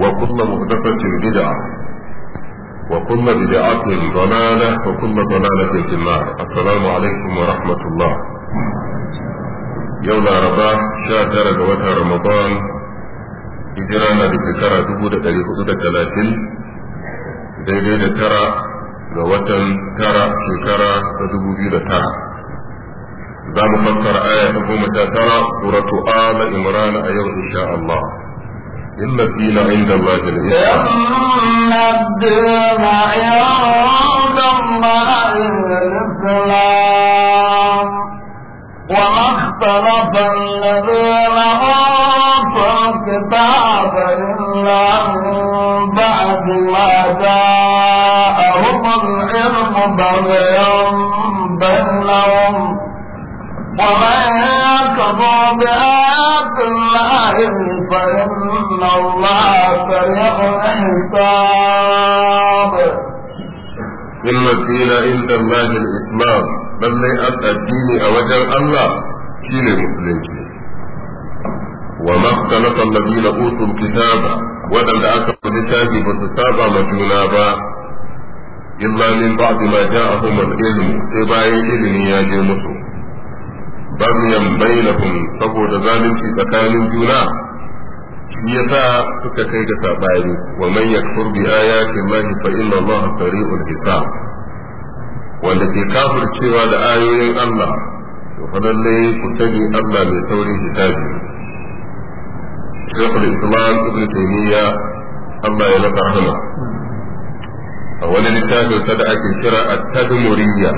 وكل مهدفة بدعة وكل بدعة ضلالة وكل ضلالة في النار السلام عليكم ورحمة الله يوم أربعة شهر جوات رمضان إجرانا بذكرى دبودة لفقودة لكن دليل ترى جوات ترى شكرى تدبودة ترى زام فكر آية حكومة ترى سورة آل إمران أيضا أيوة إن شاء الله إلا الدين عند الله الإسلام إن الدين عند الله الإسلام وما اختلف الذين أوتوا الكتاب إلا من بعد ما جاءهم العلم بغيا بينهم ومن يكفر بآيات الله فإن الله سريع الحساب إن الدين عند الله الإسلام بل ليأت الدين أوجل الله شين المسلمين وما اختلف الذين أوتوا الكتاب ولم أكن لتاجي بتتابع مجونا إلا من بعد ما جاءهم العلم إبا علم يا جمسو bagiyan bainahum saboda zalunci tsakanin juna shi sa suka kai ga sabani wa man yakfur bi ayati llahi fa inna allaha sari'ul hisab wanda ke cewa da ayoyin Allah to fa lalle ku Allah mai saurin hisabi Shekul Islam Ibn Taymiyyah Allah ya rahama a wani littafin sa da ake kira at-Tadmuriyya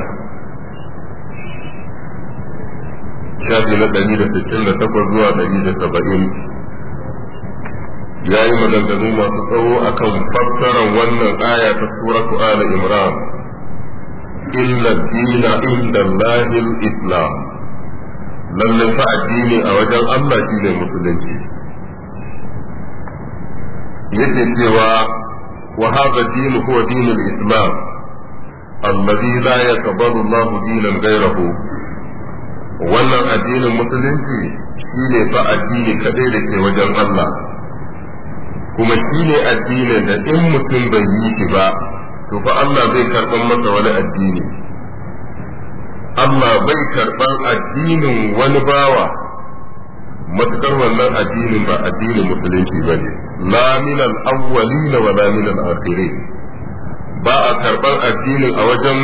shafi na ɗari da sittin da takwas zuwa ɗari da saba'in ya yi maganganu masu tsawo akan fassarar wannan aya ta suratu ala imran illa dina inda lahil islam lallai fa addini a wajen allah shi musulunci yake cewa wa hadha dinu huwa dinul islam alladhi la yaqbalu allah wannan addinin musulunci shi ne fa addini kadai da ke wajen Allah kuma shi ne addinin da in mutum bai yi shi ba to fa Allah zai karɓar masa wani addini Allah bai karɓar addinin wani bawa matukar wannan addinin ba addinin musulunci ba ne la min al wa la min al-akhirin ba a karɓar addinin a wajen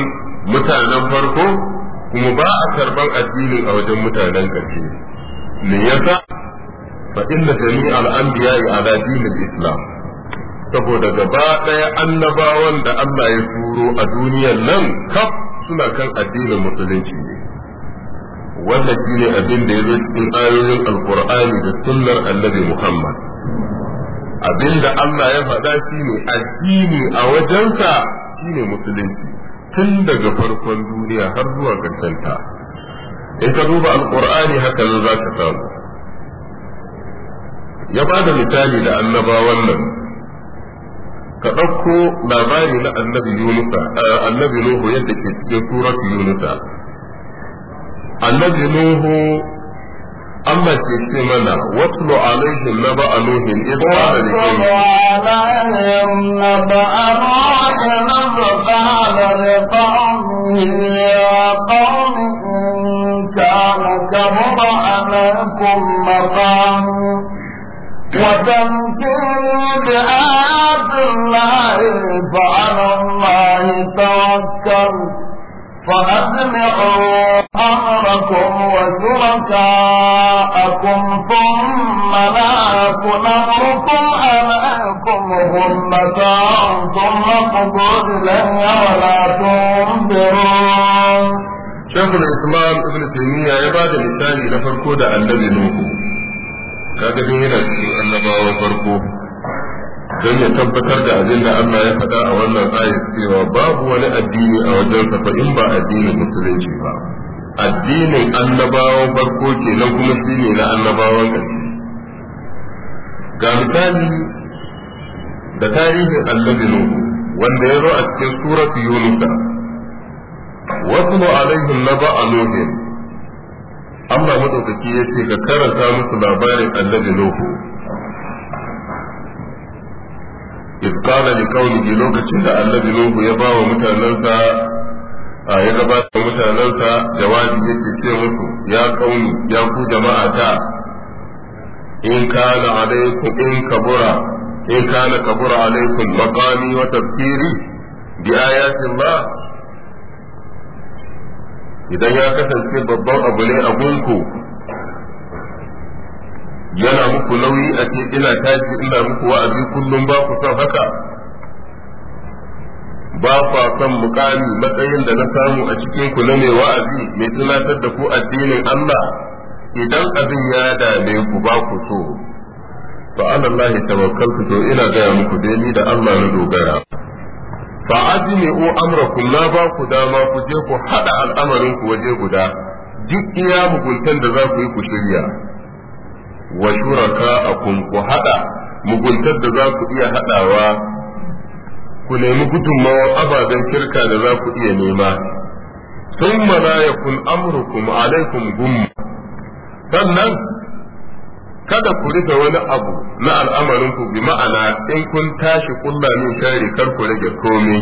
mutanen farko kuma ba a karban addinin a wajen mutanen ƙarshe me yasa fa inna jami'a al-anbiya ala dinil islam saboda gaba ɗaya annabawan da Allah ya turo a duniyar nan kaf suna kan addinin musulunci ne wannan shine abin da ya cikin ayoyin alqur'ani da sunnar annabi Muhammad abin da Allah ya faɗa shine addini a wajensa shine musulunci tun daga farkon duniya har zuwa ta in ka duba Alƙur'ani haka nan za ka samu ya ba da misali da annabawan nan ka ɗauko labari na annabi yunusa eh, annabi nuhu yadda ke cikin suratu yunusa annabi nuhu أما كتمنا واتل عليهم نبأ نوح إذ قال لقومه عليهم نبأ نوح إذ قال يا قوم إن كان كبر عليكم مقام وتمثيل بآيات الله فعلى الله توكلت فأجمعوا أمركم وشركاءكم ثم لا يكن أمركم عليكم غلة ثم اقضوا إلي ولا تنظرون شيخ الإسلام ابن تيمية عبادة مثالي لفرقود النبي نوح kaga dai yana cikin annabawa farko don ya tabbatar da abin da Allah ya faɗa a wannan ayat cewa babu wani addini a wajensa fa in ba addinin musulunci ba addinin annabawan farko kenan kuma shine na annabawan ƙarshe ga misali da tarihin annabi nuhu wanda ya zo a cikin suratu yunusa wasu alaihim naba a nuhin Allah madaukaki ya ce ka karanta musu labarin annabi nuhu iskala li kaunihi lokacin da annabi nuhu ya bawa mutanensa a ya gabata mutanensa jawabi yake ce musu ya kauni ya ku jama'a ta in kana kabura in kana kabura alaikum maqami wa tafsiri bi ayatin idan ya kasance babban abu ne a gunku yana muku nauyi a ce ina tashi ina muku wa'azi kullum ba ku san haka ba kwa son mukami matsayin da na samu a cikin ku na mai wa'azi mai tunatar da ku addinin Allah idan abin ya dame ku ba ku so fa Allah tawakkaltu to ina gaya muku dai ni da Allah na dogara fa u amrakum na ba ku dama ku je ku hada al'amarin ku waje guda duk iya muguntan da za ku yi ku shirya wa shuraka'akum ku hada muguntar da za ku iya haɗawa ku nemi gudunmawar ababen kirka da za ku iya nema sun la yakun amrukum alaikum gumma sannan kada ku rufe wani abu na al'amarin ku bi ma'ana in kun tashi kulla min kare kar ku rage komai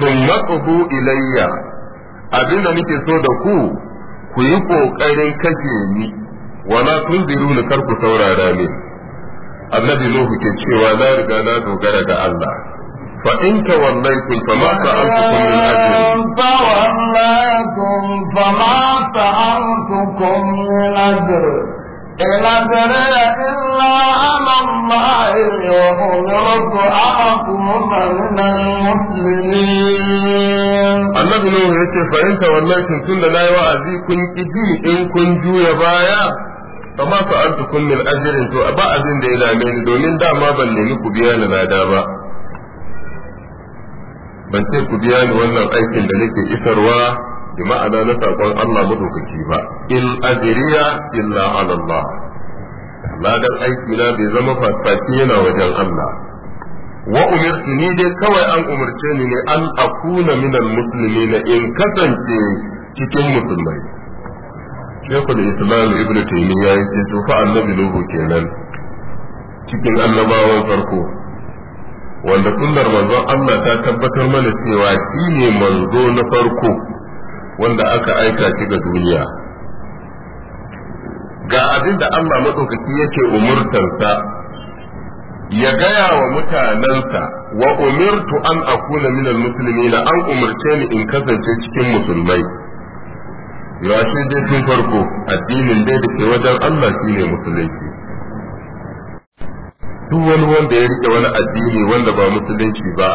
sun matsubu ilayya abin da nake so da ku ku yi ƙoƙarin kashe ni wala tunziru ni kar ku saurara ne annabi nuhu ke cewa na riga na dogara ga Allah fa in kun fa ma kun min ajrin fa wallaytum fa ma sa'altukum min ajrin إن أدري إلا على الله وأمرت أن أكون من المسلمين. النبي نوح فإن توليتم yi لا kun ƙi إن kun juya بايا fa ma fa'altukum min ajrin to ba abin da ya dame ni domin dama ban nemi ku biya ni lada ba ban ce ku biya ni wannan aikin da nake isarwa bi ma'ana na sakon Allah madaukaki ba in ajriya illa ala Allah ladan aiki na bai zama fasfaci yana wajen Allah wa umirtu ni dai kawai an umarce ni ne an akuna minal muslimina in kasance cikin musulmai شيخ الاسلام ابن تيميه ya yi to fa kenan cikin annabawan farko wanda sunnar manzon Allah ta tabbatar mana cewa shi ne manzo na farko wanda aka aika shi ga duniya ga abin da Allah maɗaukaki yake umurtarsa ya gaya wa mutanensa wa umirtu an akuna minal muslimina an umarce ni in kasance cikin musulmai ya shi dai tun farko addinin dai da ke wajen Allah shi ne musulunci duk wani wanda ya rike wani addini wanda ba musulunci ba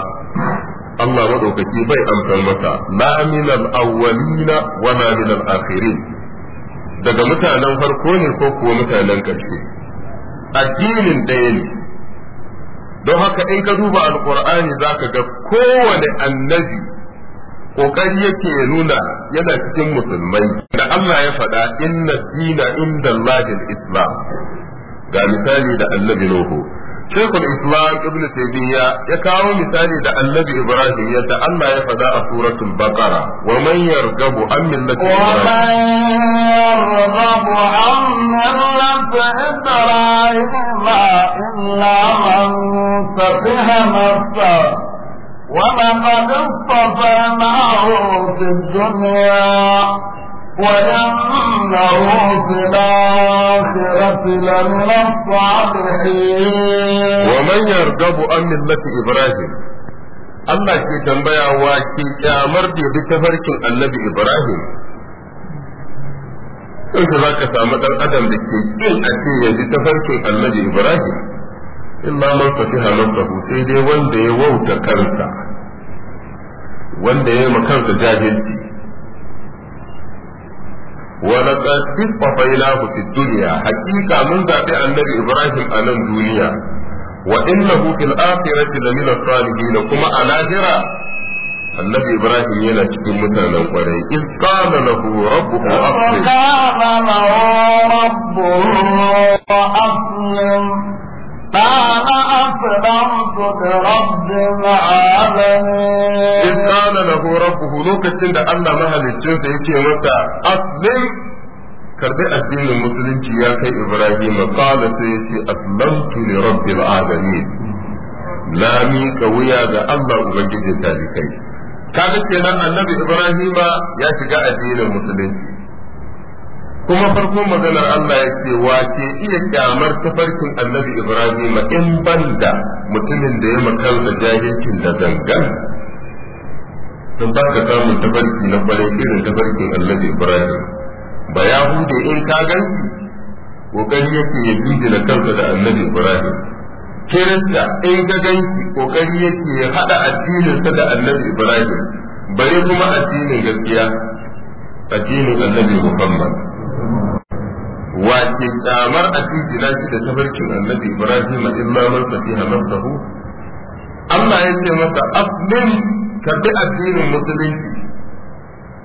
Allah maɗaukaki bai amsar masa la aminal awwalina wa na minal akhirin daga mutanen farko ne ko kuwa mutanen karshe addinin ɗaya ne don haka in ka duba alqur'ani zaka ga kowane annabi kokari yake ya nuna yana cikin musulmai da Allah ya faɗa inna dina inda Allahil Islam ga misali da annabi Nuhu Shekul Islam Ibn Taymiya ya kawo misali da annabi Ibrahim yadda Allah ya faɗa a suratul Baqara wa man yarghabu an millati Ibrahim wa man yarghabu an millati Ibrahim illa man safiha nafsahu ولقد اصطفيناه في الدنيا وإنه في الآخرة لمن الصالحين ومن يرغب عن ملة إبراهيم Allah ke tambaya wa ke kyamar da bi tafarkin annabi Ibrahim sai za ka samu ɗan adam da ke kin a ce ya tafarkin Ibrahim illa man fatiha nafsahu sai dai wanda ya wauta kansa wanda ya yi kansa jahilci wa laqad kwafai ilahu fi dunya hakika mun zabi annabi ibrahim a nan duniya wa in innahu fil akhirati lamin salihin kuma a lahira النبي إبراهيم يلا تكون مثلا قريب إذ قال له ربه أفضل قال له ربه أفضل قال أسلمت لرب العالمين إذ قال له ربه لوكتين ده الله مهل karbi addinin musulunci ya kai Ibrahim qala sai yace aslamtu li rabbil alamin la mi wuya ga Allah ubangijin talikai kaga kenan annabi Ibrahim ya shiga addinin musulunci kuma farko maganar Allah ya ce wace iya kyamar tafarkin annabi Ibrahim in banda mutumin da ya da jahilcin da zangan sun ba ka samun tafarki na kwarai irin tafarkin annabi Ibrahim ba ya hude in ka ganki kokari yake ya jinjina kansa da annabi Ibrahim kirista in ka ganki kokari yake ya hada addininsa da annabi Ibrahim bari kuma addinin gaskiya addinin annabi Muhammad wace kyamar a cikin shi da tafarkin annabi ibrahim a illa man fatiha nafsahu Allah ya ce masa aslim ka bi addinin musulunci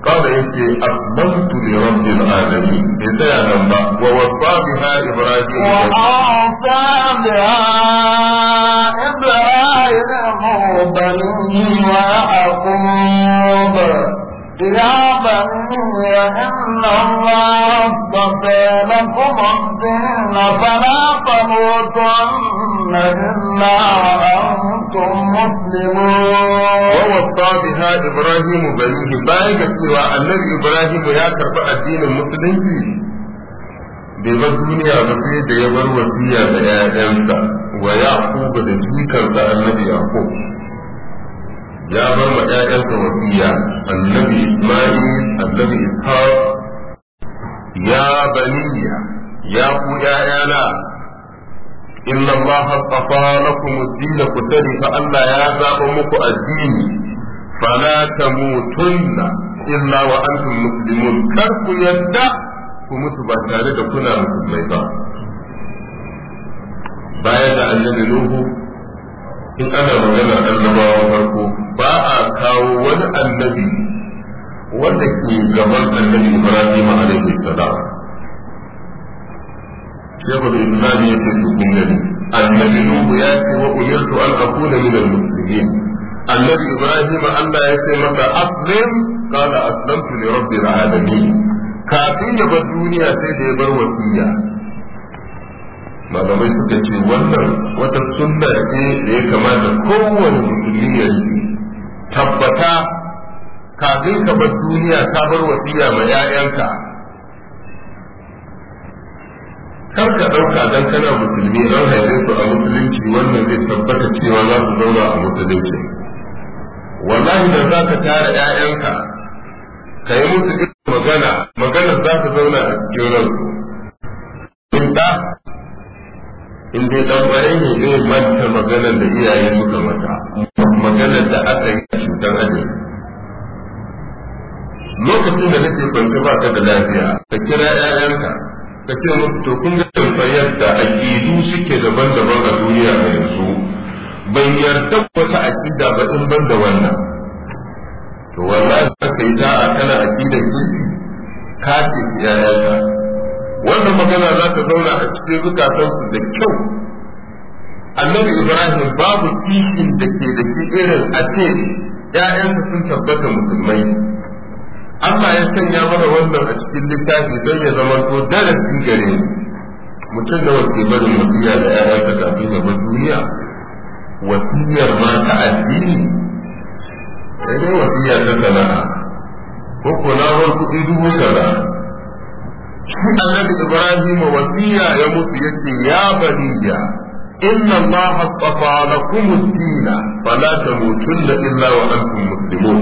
kawai ya ce aslamtu li rabbil alamin bai tsaya nan ba wa wasa ha ibrahim wa wasa biha ibrahim bani wa aqub ثيابا وإن الله اصطفى لكم الدين فلا تموتن إلا وأنتم مسلمون ووصى بها إبراهيم بنيه بايك سوى النبي إبراهيم يا كرب الدين المسلمين bai bar duniya ba sai da ya bar wasiya da 'ya'yansa wa ya da jikarsa annabi yaqub ya bar ma ƴaƴansa wasiya annabi isma'il annabi ishaq ya baniya ya ku ƴaƴana inna allaha astafa lakum ad-din ku sani fa Allah ya zaba muku addini fala tamutunna illa wa antum muslimun kar ku yadda ku mutu ba tare da kuna musulmai ba baya da annabi nuhu in ana magana annabawa farko ba a kawo wani annabi wanda ke gaban annabi Ibrahim alaihi salam shehu da islam ya ce su kun gani annabi nuhu ya ce wa umirtu an akuna min al-muslimin annabi Ibrahim Allah ya ce maka aslim qala aslamtu li rabbil alamin kafin ya bar duniya sai da ya bar wasiya malamai suka ce wannan wata sunna ce da ya kamata kowane musulmi ya yi tabbata kafin ka bar duniya ka bar wasiya ma 'ya'yanka kar ka ɗauka don kana musulmi dan haife su a musulunci wannan zai tabbata cewa za su zauna a musulunci wallahi da za ka tara 'ya'yanka ka yi musu magana magana za ka zauna a cikin ransu in dai dan bayan ne zai manta maganar da iyaye suka mata maganar da aka yi cutar aji. lokacin da nake kwanta ba ka da lafiya ka kira 'ya'yanka ka ce musu to kun ga tambayar da akidu suke daban-daban a duniya a yanzu ban yarda wata aƙida ba in ban da wannan to wallahi ka yi ta a kana aƙidar ki ka ce 'ya'yanka wannan magana za ta zauna a cikin zukatansu da kyau annabi ibrahim babu kishin da ke da shi irin a ce ‘ya'yansa sun tabbata musulmai Amma ya sanya mana wannan a cikin littafi don ya zama to darasi gare mutum da wasu barin wasiya da ‘ya'yansa kafin ya bar duniya wasiyar ma ta addini sai dai wasiya ta sana'a ko kuna kuɗi dubu sana'a shi annabi ibrahim wasiya ya mutu yace ya baniya inna allaha astafa lakum ad-din fala tamutunna illa wa antum muslimun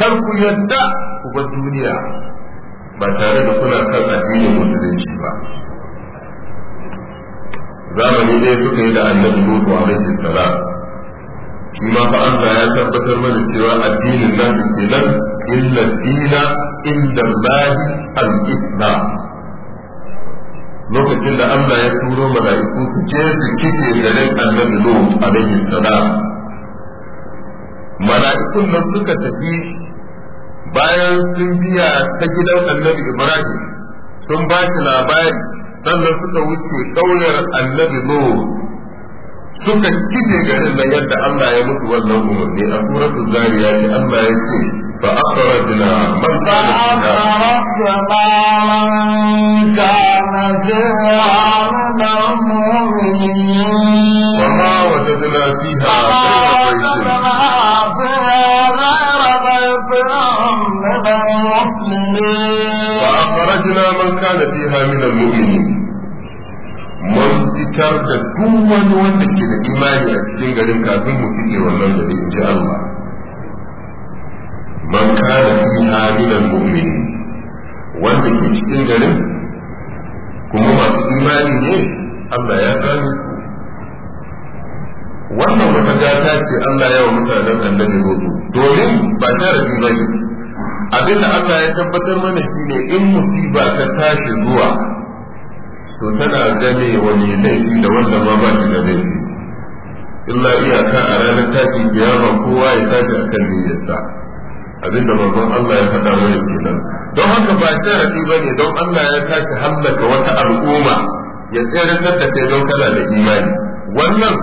kar ku yadda ku ba duniya ba tare da kuna kan addinin musulunci ba zamani ɗaya suka yi da annabi lutu alaihi salam shi ma fa Allah ya tabbatar mana cewa addinin nan da ke nan illa dina inda Allah al-islam lokacin da Allah ya turo mala'iku su je su kike nan annabi Lut alaihi salam mala'ikun nan suka tafi bayan sun biya ta gidan annabi Ibrahim sun ba shi labari sannan suka wuce ƙaunar annabi Lut suka kike garin nan yadda Allah ya mutu wannan umarni a suratul zariyat Allah ya ce فأخرجنا من فأخرجنا من كان فيها من المؤمنين وما وجدنا فيها فأخرجنا من كان فيها من المؤمنين mun fitar da duk wani wanda ke da imani a cikin garin kafin mu fice wannan gari in ji Allah man kana fiha minal mu'minin wanda ke cikin garin kuma masu imani ne Allah ya gano wannan wata gata ce Allah ya wa mutanen annabi Nuhu domin ba sharafi ba ne abin da Allah ya tabbatar mana shi ne, in musiba ta tashi zuwa to tana game wa mai laifi da wanda ma ba shi da laifi illa iyaka a ranar tashin kiyama kowa ya tashi akan niyyarsa Abin da manzon Allah ya faɗa mana kenan don haka ba sharadi ne don Allah ya tashi hallaka wata al'umma ya tsayar da kai don kana da imani wannan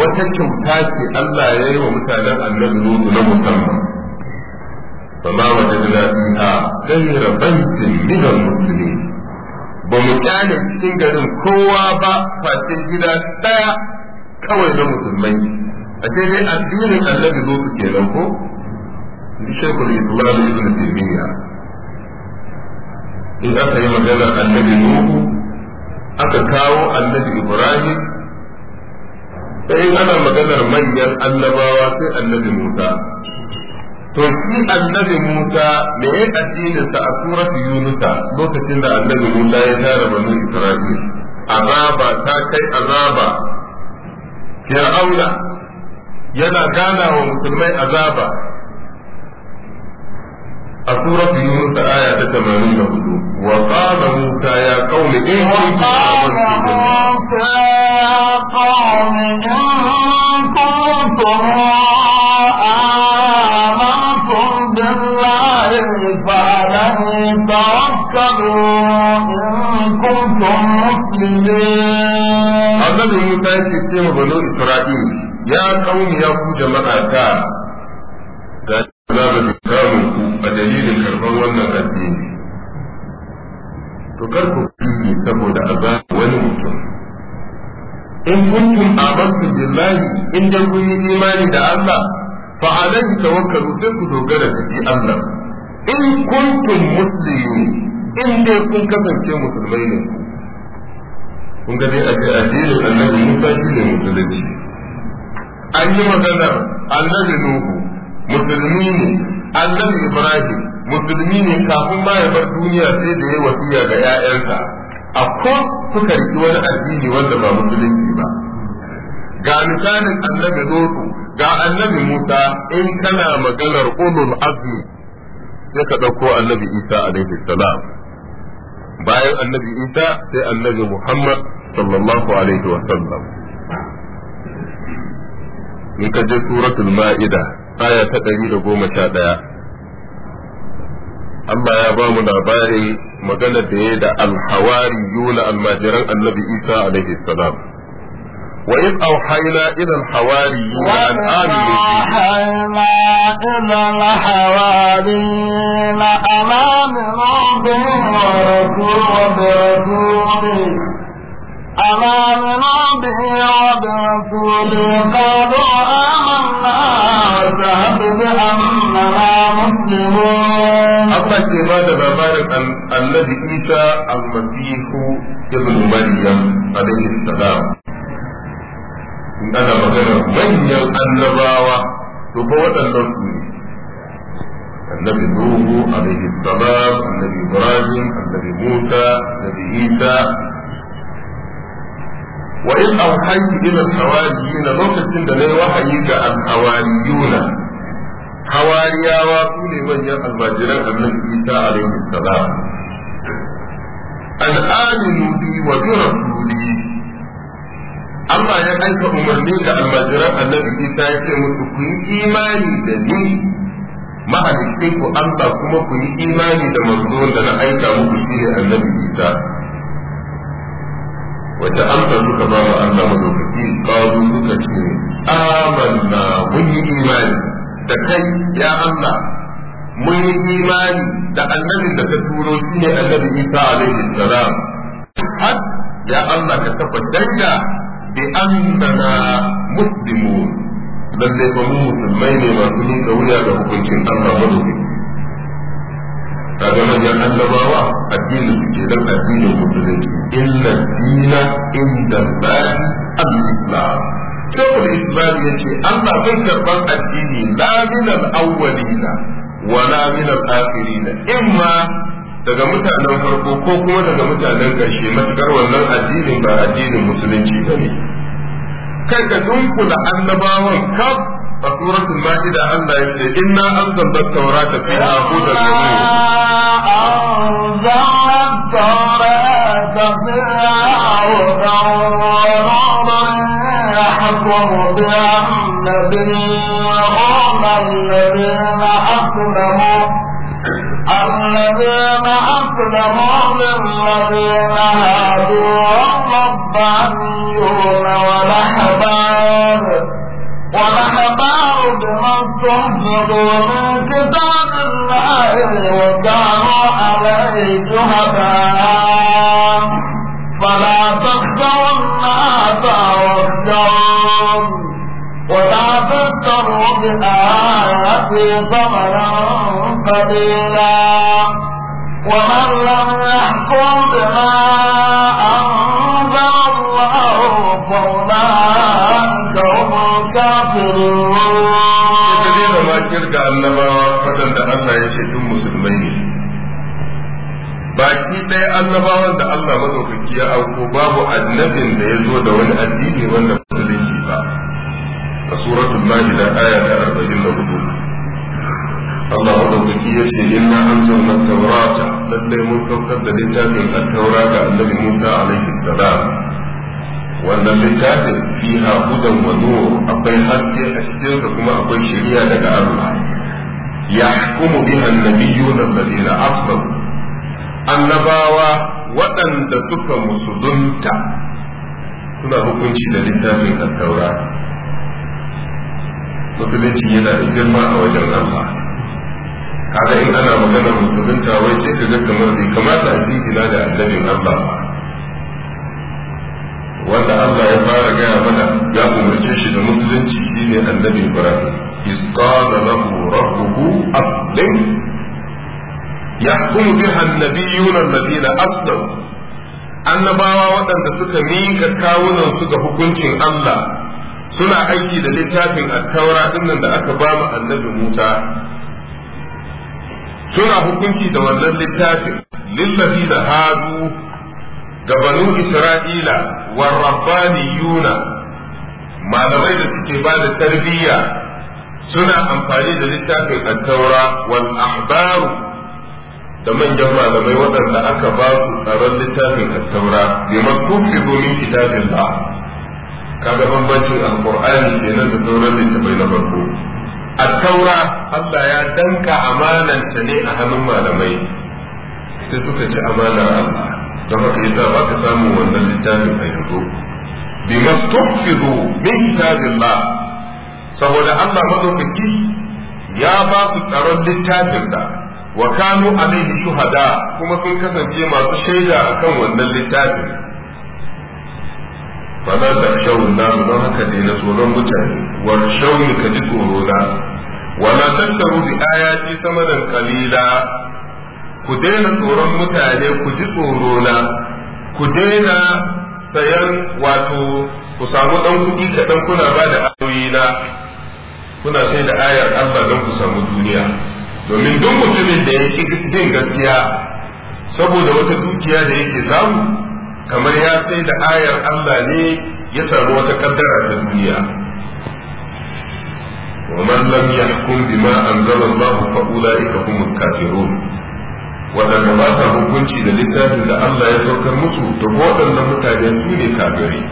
wata kyauta ce Allah ya yi wa mutanen annabi Nuhu na musamman wata فما وجدنا فيها غير بيت ba mu بمكان cikin garin kowa ba fatin gida daya kawai na musulmai a sai dai addinin annabi zo su kenan ko shekul islam ibn taymiya in aka yi maganar annabi nuhu aka kawo annabi ibrahim sai ana maganar manyan annabawa sai annabi musa to shi annabi musa me ya addininsa a suratu yunusa lokacin da annabi musa ya tara banu isra'il azaba ta kai azaba fir'auna yana gana wa musulmai azaba a suratu yunus aya ta 84 wa qala musa ya qaumi in kuntum annabi musa ya ce ma banu isra'il ya qaumi ya ku jama'a ta azaba da samun ku a dalilin karɓar wannan addini to kar ku fiye saboda azaba wani mutum in kuntum amantu billahi in dai kun yi imani da Allah fa alaihi tawakkalu sai ku dogara da shi Allah in kuntum muslimin in dai kun kasance musulmai ne kun ga dai a ce addinin annabi Musa shi ne musulunci an yi magana annabi Nuhu musulmi ne annabi ibrahim musulmi ne kafin ma ya bar duniya sai da ya wasiya ga 'ya'yansa a ko suka riki wani addini wanda ba musulunci ba ga misalin annabi lutu ga annabi musa in kana maganar ulul azmi sai ka ɗauko annabi isa alaihi salam bayan annabi isa sai annabi muhammad sallallahu alaihi wa sallam in ka je suratul ma'ida aya ta ɗari da goma sha ɗaya Allah ya bamu mu labarin maganar da ya da alhawari yuna almajiran annabi Isa alaihi salam وإذ أوحينا إلى الحواريين أن آمنوا أوحينا إلى الحواريين أن آمنوا برسوله أن آمنوا به وبرسوله قالوا فاشهد بأننا da, الله كما تبارك الذي عيسى المسيح ابن مريم عليه السلام in ana maganar manyan annabawa to fa waɗannan su ne annabi nuhu alaihi salam annabi ibrahim annabi musa annabi isa وإن أوحيت إلى ila al-hawariyina lokacin da nayi wahayi ga al-hawariyuna hawariyawa su ne manyan almajiran annabi Isa alaihi salam Allah ya aika umarni ga almajiran annabi Isa ya ce musu ku yi imani da ni ku Allah kuma ku yi imani da manzon da na aika muku shi ne annabi Isa wata amsa suka ba wa Allah madaukaki kawo suka ce amanna mun yi imani da kai ya Allah mun yi imani da annabin da ka turo shi ne annabi Isa alaihi salam har ya Allah ka tabbatar da bi annana muslimun lalle ba mu musulmai ne masu nika wuya ga hukuncin Allah madaukaki kaga manyan annabawa addinin su ke dan addinin musulunci illa dina inda Allah al-islam shawar islam ya ce Allah bai karban addini la min al-awwalina wa la min al-akhirina imma daga mutanen farko ko kuma daga mutanen ƙarshe matakar wannan addinin ba addinin musulunci bane kai ka dunkula annabawan kaf a suratul ma'ida Allah ya ce inna anzalna at-taurata fiha hudan wa nur anzalna at-taurata fiha hudan wa nur yahkumu biha النبيون الذين أسلموا الذين أسلموا للذين هادوا والربانيون والأحبار ومن باعوا بما استحفظوا من كتاب الله وكانوا عليه شهداء فلا تخشوا الناس واخشون ولا تشتروا بآياتي ثمنا قليلا ومن لم يحكم بما أنزل الله فأولئك هم kafirun ta daina makir ga annabawa da Allah ya ce duk musulmai ne baki ɗaya annabawan da Allah mazaukaki ya auko babu annabin da ya zo da wani addini wanda musulunci ba a suratul maida aya ta arba'in da hudu Allah mazaukaki ya ce inna anzalna tawrata lallai mun saukar da littafin at-taura ga annabi Musa alaihi salam wannan littafin fi hudan wa nur akwai haske a cikin sa kuma akwai shari'a daga Allah Ya yahkumu biha an-nabiyyun alladhina asbaru annabawa waɗanda suka musulunta suna hukunci da littafin at musulunci yana da girma a wajen Allah kaga in ana maganar musulunta wai sai ka ga kamar bai kamata a jingina da annabin Allah ba wanda Allah ya fara gaya mana ya umarce shi da musulunci shine annabi Ibrahim iz lahu rabbuhu aslim yahkum biha an-nabiyyun alladhina aslamu annabawa waɗanda suka mika kawunan su ga hukuncin Allah suna aiki da littafin at-taura dinnan da aka ba mu annabi Musa suna hukunci da wannan littafin lillazina hadu ga banu isra'ila wa rabbaniyuna malamai da suke ba da tarbiyya suna amfani da littafin at-taura wal ahbaru da manyan malamai waɗanda aka ba su tsaron littafin at-taura bi makufi domin kitabin ba kaga bambancin alqur'ani kenan da sauran littafai na farko attaura taura Allah ya danka amananta ne a hannun malamai sai suka ci amanar Allah don haka ba ka samu wannan littafin a yanzu bi mastufidu min kitabillah saboda Allah madaukaki ya ba ku tsaron littafin da wa kanu alaihi shuhada kuma sun kasance masu shaida akan wannan littafin fala da shawun na don haka ne na tsoron mutane wa shawun ka ji tsoro na wala tattaru bi ayati samadan qalila ku daina tsoron mutane ku ji tsoro na ku daina sayan wato ku samu dan kuɗi kaɗan kuna ba da ayoyi na kuna sai da ayar Allah don ku samu duniya domin duk mutumin da ya ƙi jin gaskiya saboda wata dukiya da yake samu kamar ya sai da ayar Allah ne ya samu wata kaddara ta duniya ومن لم يحكم بما أنزل الله فأولئك هم الكافرون waɗanda ba sa hukunci da littafin da Allah ya saukar musu to waɗannan mutane su ne kafirai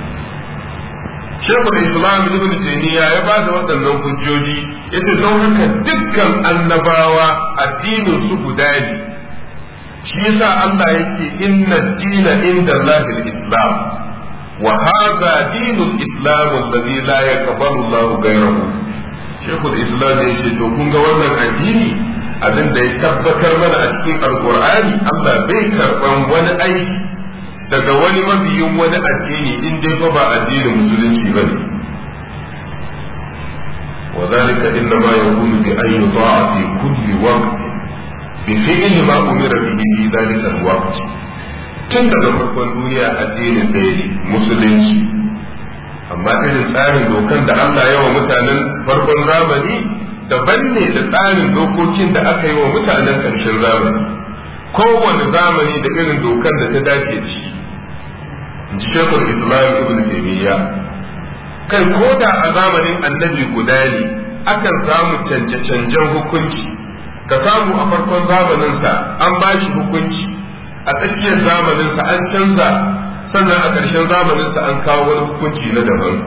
shekul islam ibn taymiya ya ba da waɗannan hujjoji yace don haka dukkan annabawa addinin su guda ne shi yasa Allah yake inna dina inda Allahil islam wa hadha dinul islam alladhi la yaqbalu Allah ghayrahu shekul islam yace to kun ga wannan addini abin da ya tabbatar mana a cikin alkur'ani Allah bai karban wani aiki daga wani mabiyin wani addini in dai fa ba addinin musulunci ba ne Wa zalika وذلك إنما يكون بأن يطاع في كل وقت بفعل ما أمر به في ذلك الوقت tun daga farkon duniya addinin ɗaya ne musulunci amma irin tsarin dokan da Allah yawa mutanen farkon zamani daban ne da tsarin dokokin da aka yi wa mutanen ƙarshen zamani kowane zamani da irin dokar da ta dace da shi ji shekul islam ibn taymiya kai ko da a zamanin annabi guda ne akan samu canje-canjen hukunci ka samu a farkon zamaninsa an ba shi hukunci a tsakiyar zamaninsa an canza sannan a ƙarshen zamaninsa an kawo wani hukunci na daban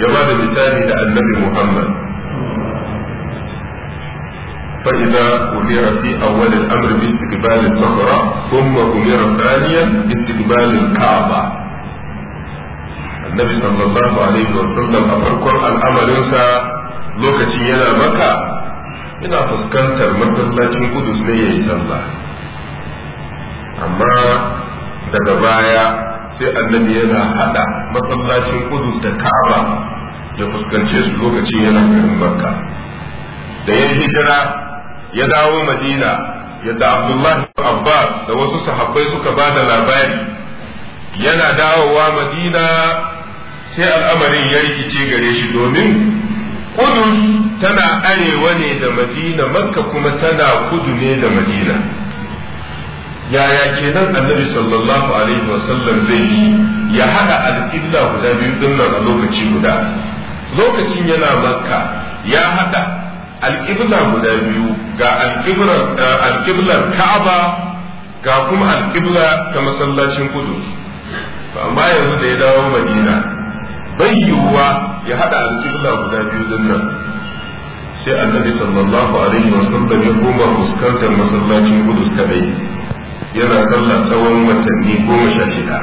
ya ba da misali da annabi muhammad فإذا أمر في أول الأمر باستقبال الصخرة ثم أمر ثانيا باستقبال الكعبة النبي صلى الله عليه وسلم أفرقر الأمر ينسى لك يلا مكة إن fuskantar masallacin kudus ne اسمي yi sallah amma daga baya sai annabi yana hada masallacin kudus da ka'aba da fuskance su lokacin yana garin makka da ya hijira ya dawo madina yadda abdullahi abbas da wasu sahabbai suka ba da labari yana dawowa madina sai al'amarin ya rikice gare shi domin kudu tana arewa ne da madina makka kuma tana kudu ne da madina yaya kenan annabi sallallahu alaihi wasallam zai yi ya haɗa alƙilla guda biyu dinnan a lokaci guda lokacin yana makka ya haɗa alƙibla guda biyu ga eh, alƙiblar ka'aba ga kuma alƙibla ta masallacin kudu amma yanzu da ya dawo madina bai yiwuwa ya haɗa alƙibla guda biyu din nan sai annabi sallallahu alaihi wa sallam ya koma fuskantar masallacin kudu kadai yana sallah tsawon watanni goma sha shida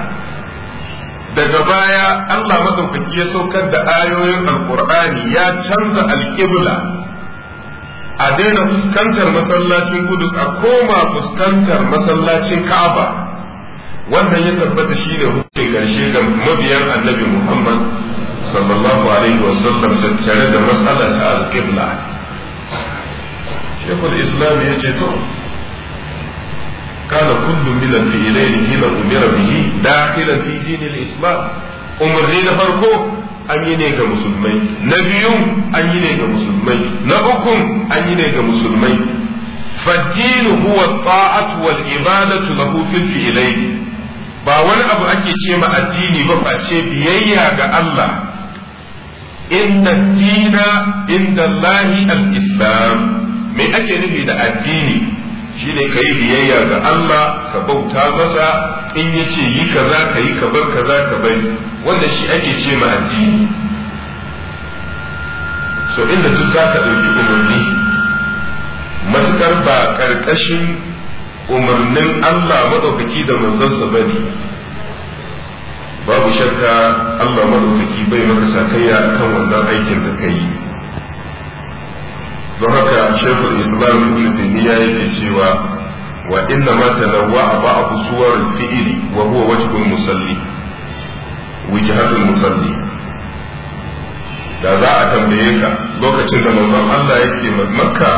daga baya Allah madaukaki ya saukar da ayoyin alƙur'ani ya canza alƙibla a daina fuskantar masallacin gudu a koma fuskantar masallacin ka'aba wannan ya tabbata shi da hukun karshe ga mabiyan annabi muhammad sallallahu alaihi wasallam tattare da matsalar ta alƙibla shekul islam ya ce to kana kullu min al-fi'laini hina umira bihi dakhilan fi din al-islam umri na farko an yi ne ga musulmai na biyu an yi ne ga musulmai na uku an yi ne ga musulmai faddinu huwa ta'atu wal ibadatu lahu fil fi'layn ba wani abu ake ce ma addini ba face biyayya ga Allah inna dina inda Allahi al-islam me ake nufi da addini shi ne ka yi biyayya ga Allah ka bauta masa in ya ce yi kaza ka yi ka bar kaza ka bari wanda shi ake ce ma addini so inda duk za ka ɗauki umarni matukar ba ƙarƙashin umarnin Allah maɗaukaki da manzansa ba ne babu shakka Allah maɗaukaki bai maka sakayya kan wannan aikin da ka yi don haka shekul islam ibn taymiya yake cewa wa inna ma ba ba'd suwar fi'li wa huwa wajhul musalli wajhatul musalli da za a tambaye ka lokacin da manzon Allah yake makka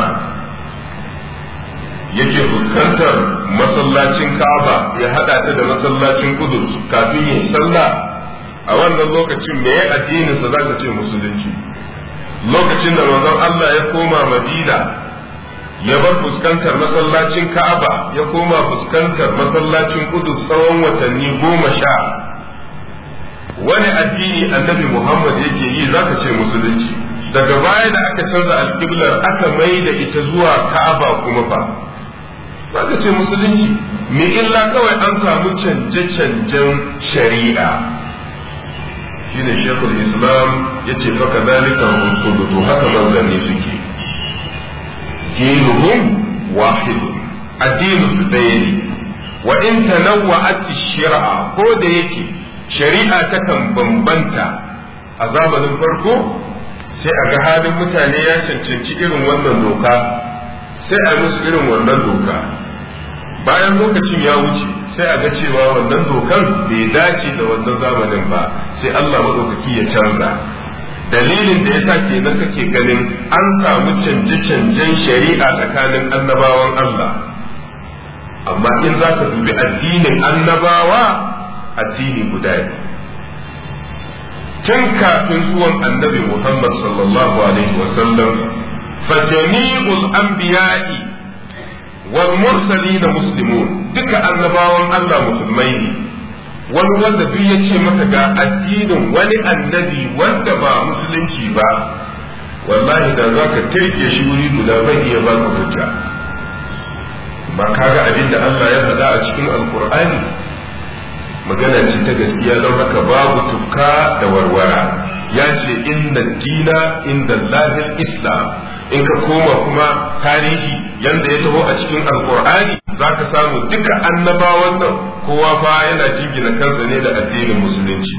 yake fuskantar masallacin Ka'aba ya hada ta da masallacin Qudus kafin yin sallah a wannan lokacin me addinin sa zaka ce musulunci lokacin da manzon Allah ya koma Madina ya bar fuskantar masallacin Ka'aba ya koma fuskantar masallacin Qudus tsawon watanni goma sha wani addini annabi Muhammad yake yi zaka ce musulunci daga baya da aka canza alƙiblar aka mai da ita zuwa Ka'aba kuma ba zaka ce musulunci me illa kawai an samu canje-canjen shari'a shine shekul islam ya ce faka dalika rusudu haka zanzanni suke dinuhum wahidun addinin su ɗaya ne wa in tanawwa'at shari'a ko da yake shari'a takan bambanta a zamanin farko sai a ga halin mutane ya cancanci irin wannan doka sai a musu irin wannan doka bayan lokacin ya wuce sai a ga cewa wannan dokar bai dace da wannan zamanin ba sai Allah madaukaki ya canza dalilin da ya ke kenan ke ganin an samu canje-canjen shari'a tsakanin annabawan Allah amma in za ka dubi addinin annabawa addini guda ne tun kafin zuwan annabi Muhammad sallallahu alaihi wasallam fa jami'ul anbiya'i wal da muslimun duka annabawan Allah musulmai ne wani wanda duk ya ce maka ga addinin wani annabi wanda ba musulunci ba wallahi da zaka ka taike shi wuri guda bai iya ba ka ba ka ga abin da Allah ya faɗa a cikin alkur'ani magana ce ta gaskiya don haka babu tuka da warwara ya ce inna dina inda lahil islam in ka koma kuma tarihi yanda ya taho a cikin alkur'ani za ka samu duka annabawan nan kowa fa yana jingina kansa ne da addinin musulunci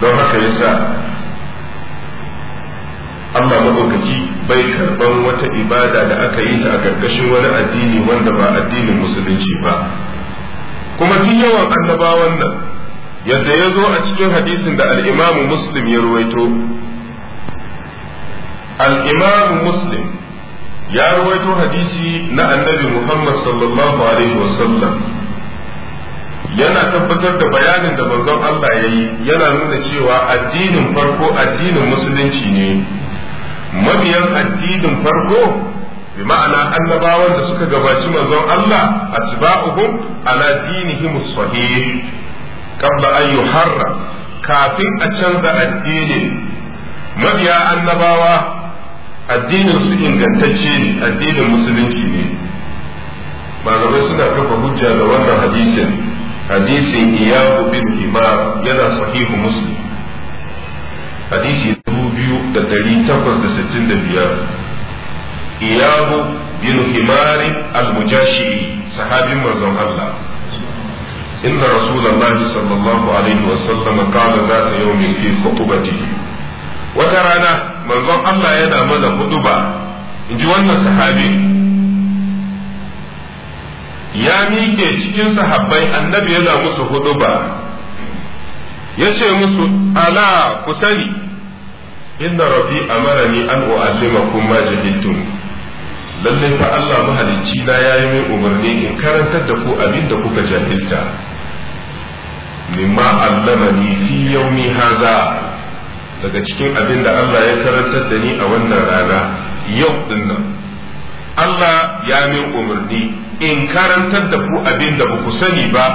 don haka yasa Allah maɗaukaki bai karɓan wata ibada da aka yi ta a ƙarƙashin wani addini wanda ba addinin musulunci ba kuma duk yawan annabawan nan yadda ya zo a cikin hadisin da al'imamu muslim ya ruwaito al'imamu muslim ya ruwaito hadisi na annabi muhammad sallallahu alaihi wasallam yana tabbatar da bayanin da manzon Allah ya yi yana nuna cewa addinin farko addinin musulunci ne mabiyan addinin farko bi ma'ana annabawan da suka gabaci manzon Allah atba'uhum ala dinihim sahih qabla an yuharra kafin a canza addinin mabiya annabawa addinin su ingantacce ne addinin musulunci ne malamai suna kafa hujja da wannan hadisin hadisin iyaku bin himar yana sahihu muslim hadisi dubu biyu da dari takwas da sittin da biyar iyaku bin himar al-mujashi sahabin manzon Allah إن رسول الله صلى الله عليه وسلم قال ذات يوم في خطبته وترانا من ظن الله ينا من خطبة جوانا صحابي ya miƙe cikin sahabbai annabi yana musu huduba ya ce musu ala ku sani inna rabbi amarani an u'allimakum ma lallai fa Allah mahalicci na yayi mai umarni in karantar da ku abin da kuka jahilta mimma allamani fi yawmi haza. daga cikin abin da Allah ya karantar da ni a wannan rana yau din nan Allah ya mai umarni in karantar da ku abin da ku sani ba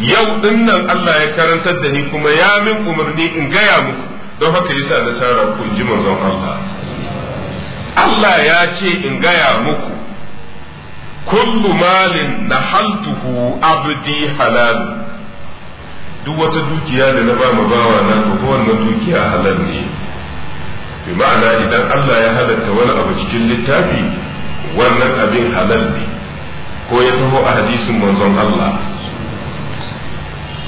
yau din nan Allah ya karantar da ni kuma ya min umarni in gaya muku don haka yasa na tara ku in ji manzon Allah Allah ya ce in gaya muku kullu malin na haltuhu abdi halal duk wata dukiya da na ba mu bawa na to wannan dukiya halal ne bi ma'ana idan Allah ya halatta wani abu cikin littafi wannan abin halal ne ko ya taho a hadisin manzon Allah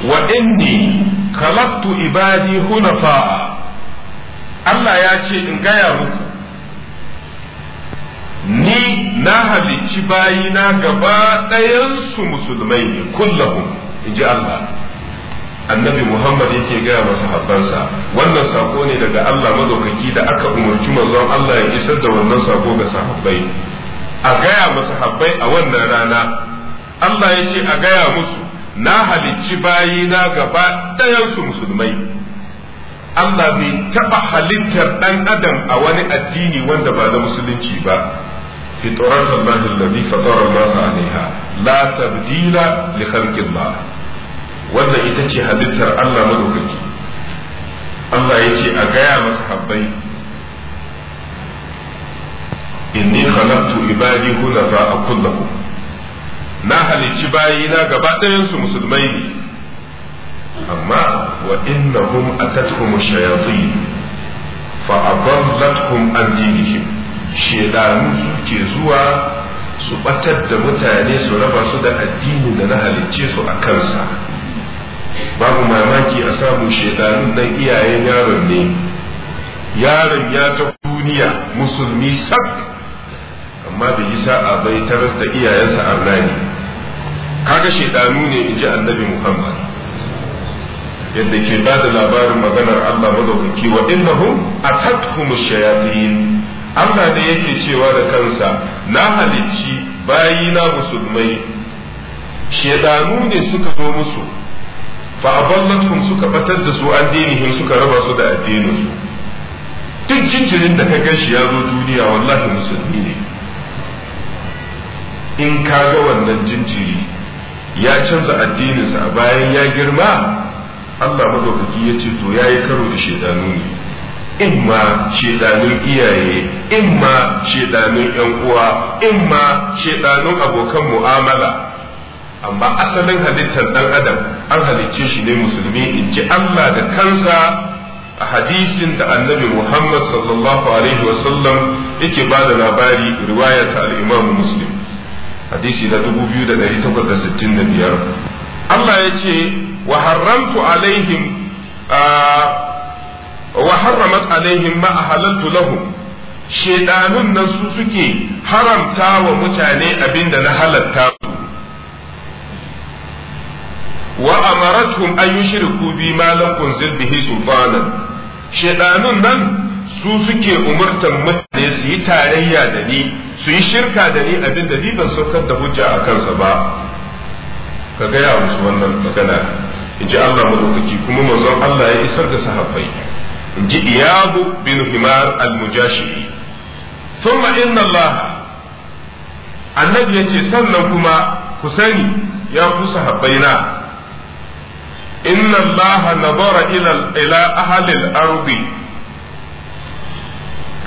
wa inni khalaqtu ibadi hunafa Allah ya ce in gaya muku ni na halicci na gaba ɗayansu musulmai ne kullum. in ji Allah annabi Muhammad yake gaya masa habbansa wannan sako ne daga Allah mazaukaki da aka umarci manzon Allah ya isar da wannan sako ga sahabbai a gaya masa habbai a wannan rana Allah ya ce a gaya musu na halicci na gaba ɗayansu musulmai Allah bai taɓa halittar ɗan adam a wani addini wanda ba na musulunci ba fitorar Allah alladhi fatara Allah alaiha la tabdila li khalqillah wannan ita ce halittar Allah madaukaki Allah ya ce a gaya masa habbai inni khalaqtu ibadi hunafa kullahum na halicci bayina gaba ɗayan su musulmai ne amma wa innahum atatuhum shayatin fa adallatuhum an dinihim shedanu suke zuwa su batar da mutane su raba su da addinin da na halicce su a kansa babu mamaki a samu shedanun nan iyayen yaron ne yaron ya ta duniya musulmi sab amma bai yi sa'a bai taras da iyayensa arnani kaga shedanu ne in ji annabi muhammad yadda ke ba da labarin maganar Allah madaukaki wa innahum atathum shayatin Allah ne yake cewa da kansa na halicci na musulmai shedanu ne suka zo musu fa suka batar da su an suka raba su da addinin su duk jinjirin da ka gashi ya zo duniya wallahi musulmi ne in ka ga wannan jinjiri ya canza addininsa bayan ya girma Allah madaukaki ya ce to ya yi karo da shedanu ne in ma shedanun iyaye in ma shedanun yan uwa in ma shedanun abokan mu'amala amma asalin halittar dan adam an halicce shi ne musulmi in ji Allah da kansa a hadisin da annabi Muhammad sallallahu alaihi wa sallam yake ba da labari riwaya ta al-Imam Muslim hadisi da 2865 Allah ya ce wa haramtu alaihim wa harramat alaihim ma nan suke haramta wa mutane abinda na halarta su wa amaratuhum an yushriku bi ma lam unzil bihi sultanan shedanun nan su suke umurtan mutane su yi tarayya da ni su yi shirka da ni abin da ni ban saukar da hujja a kansa ba ka gaya musu wannan magana in ji Allah madaukaki kuma manzon Allah ya isar da sahabbai in ji iyabu bin himar al-mujashi thumma inna Allah annabi yace sannan kuma ku sani ya ku sahabbaina inna Allah nazara ila ila ahli al-ardi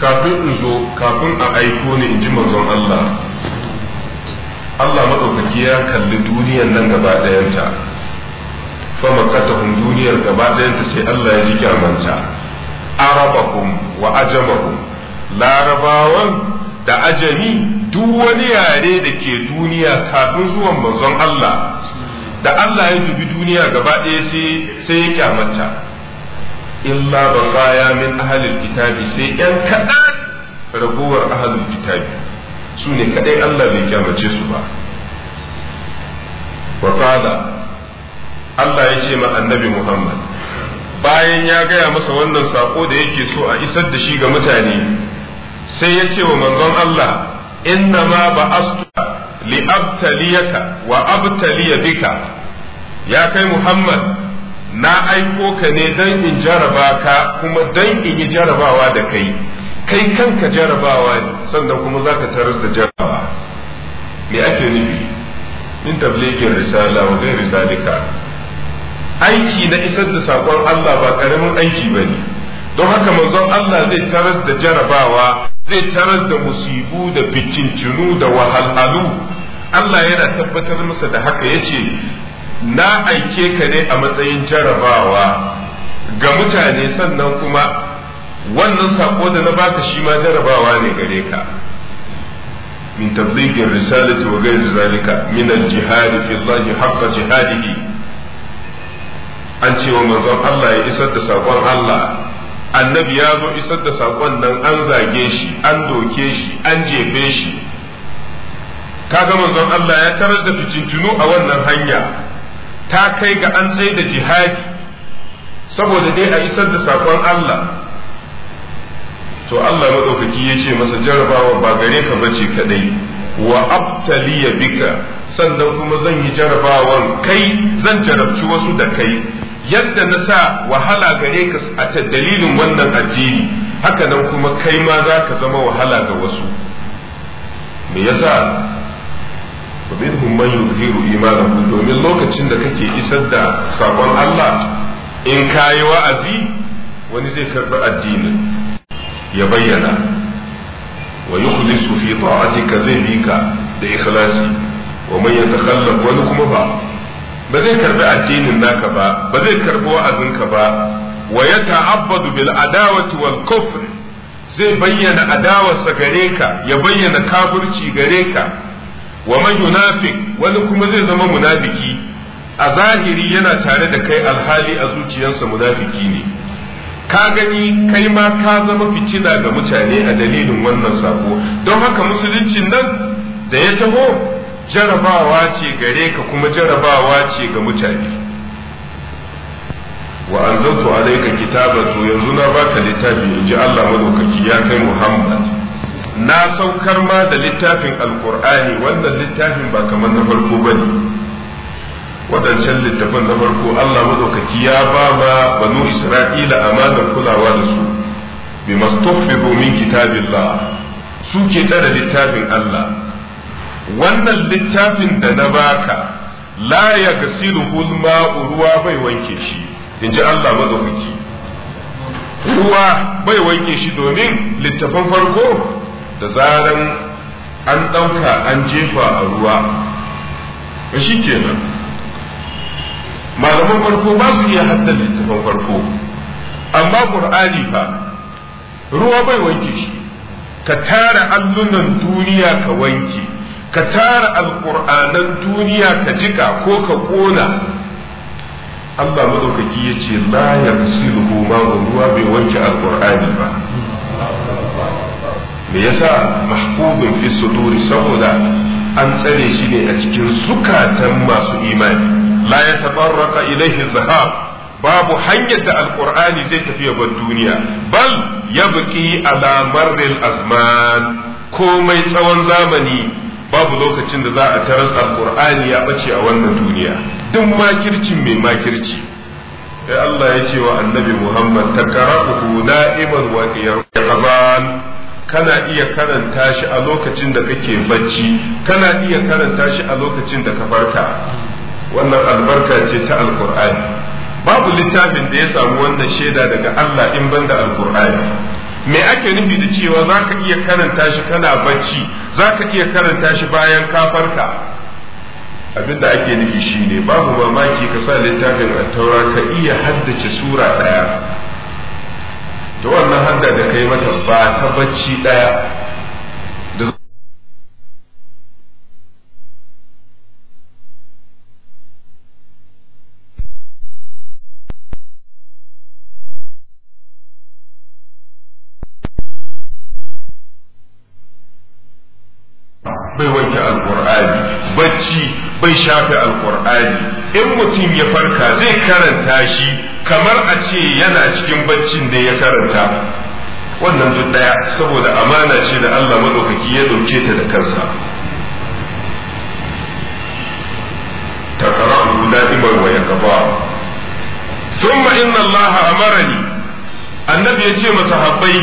kafin in zo kafin a aiko ne in ji manzon Allah Allah maɗaukaki ya kalli duniyar nan gaba ɗayanta fa makatahum duniyar gaba ɗayanta sai Allah ya ji kyamanta arabahum wa ajamahum larabawan da ajami duk wani yare da ke duniya kafin zuwan manzon Allah da Allah ya dubi duniya gaba ɗaya sai ya kyamanta illa baqaya min ahalin kitabi sai yan kaɗan raguwar ahlul kitabi su ne kadai Allah bai kyamace su ba wa qala Allah ya ce ma annabi Muhammad bayan ya gaya masa wannan sako da yake so a isar da shi ga mutane sai ya ce wa manzon Allah inna ma ba'astu li abtaliyaka wa abtaliya bika ya kai Muhammad na aiko ka ne don in jaraba ka kuma don in yi jarabawa da kai kai kanka jarabawa ne sannan kuma za ka tarar da jarabawa me ake nufi min tabligin risala wa gairi zalika aiki na isar da saƙon Allah ba ƙaramin aiki ba ne don haka manzon Allah zai tarar da jarabawa zai tarar da musibu da bikincinu da wahalhalu Allah yana tabbatar masa da haka ya ce na aike ka ne a matsayin jarabawa ga mutane sannan kuma wannan sako da na baka shi ma jarabawa ne gare ka min tablighir risalati wa ghayr zalika min al-jihad fi Allah haqq jihadihi an ce wa manzon Allah ya isar da sakon Allah annabi ya zo isar da sakon nan an zage shi an doke shi an jefe shi kaga manzon Allah ya tarar da fitintunu a wannan hanya ta kai ga an tsaye da jihadi saboda dai a isar da sakon Allah to Allah maɗaukaki ya ce masa jarabawa ba gare ka bace kadai wa abtaliya bika sannan kuma zan yi jarabawan kai zan jarabci wasu da kai yadda na sa wahala gare ka a dalilin wannan addini haka nan kuma kai ma za ka zama wahala ga wasu me yasa wa minhum man yuzhiru imanahu domin lokacin da kake isar da sabon Allah in kayi wa'azi wani zai karɓi addinin ya bayyana wa yukhlisu fi ta'atika zai da ikhlasi wa man yatakhallaf wani kuma ba ba zai karbi addinin naka ba ba zai karbi wa'azinka ba wa yata'abbadu bil adawati wal kufr zai bayyana adawarsa gare ka ya bayyana kafirci gare ka wa man yunafiq wani kuma zai zama munafiki a zahiri yana tare da kai alhali a zuciyarsa munafiki ne ka gani kai ma ka zama fitina ga mutane a dalilin wannan sako don haka musulunci nan da ya taho jarabawa ce gare ka kuma jarabawa ce ga mutane wa an zautu alaika kitabatu yanzu na baka littafi in ji Allah madaukaki ya kai Muhammad na saukar ma da littafin alkur'ani wannan littafin ba kamar na farko bane waɗancan littafan na farko Allah madaukaki ya ba ba banu Isra'ila amanar kulawa da su bi mastufidu min kitabillah su ke tsare littafin Allah wannan littafin da na baka la ya gasiluhu ma'u ruwa bai wanke shi inji Allah madaukaki ruwa bai wanke shi domin littafan farko da zaran an ɗauka an jefa a ruwa shi kenan malaman farko ba su iya haddar littafin farko amma qur'ani fa ruwa bai wanke shi ka tara allunan duniya ka wanke ka tara alƙur'anan duniya ka jika ko ka ƙona Allah madaukaki ya ce la ya ma'un ruwa bai wanke alƙur'ani ba me yasa mahbubin fi suduri saboda an tsare shi ne a cikin zukatan masu imani la yatafarraqa ilayhi zahab babu hanyar da alkur'ani zai tafi ban duniya bal yabqi alamar marril azman komai tsawon zamani babu lokacin da za a taras alkur'ani ya bace a wannan duniya duk makircin mai makirci sai Allah ya ce wa annabi Muhammad takara'uhu na'iman wa qiyam kana iya karanta shi a lokacin da kake bacci kana iya karanta shi a lokacin da ka farka wannan albarka ce ta alkur'ani babu littafin da ya samu wannan shaida daga Allah in banda alkur'ani me ake nufi da cewa za ka iya karanta shi kana bacci za ka iya karanta shi bayan ka farka abinda ake nufi shine babu mamaki ka sa littafin taura ka iya haddace sura daya to wannan hadda da kai mata ba ta bacci daya bai shafi alkur'ani in mutum ya farka zai karanta shi kamar a ce yana cikin baccin da ya karanta wannan duk daya saboda amana ce da Allah madaukaki ya dauke ta da kansa تقرأه دائما ويقضاه ثم إن الله أمرني النبي يجي مصحبي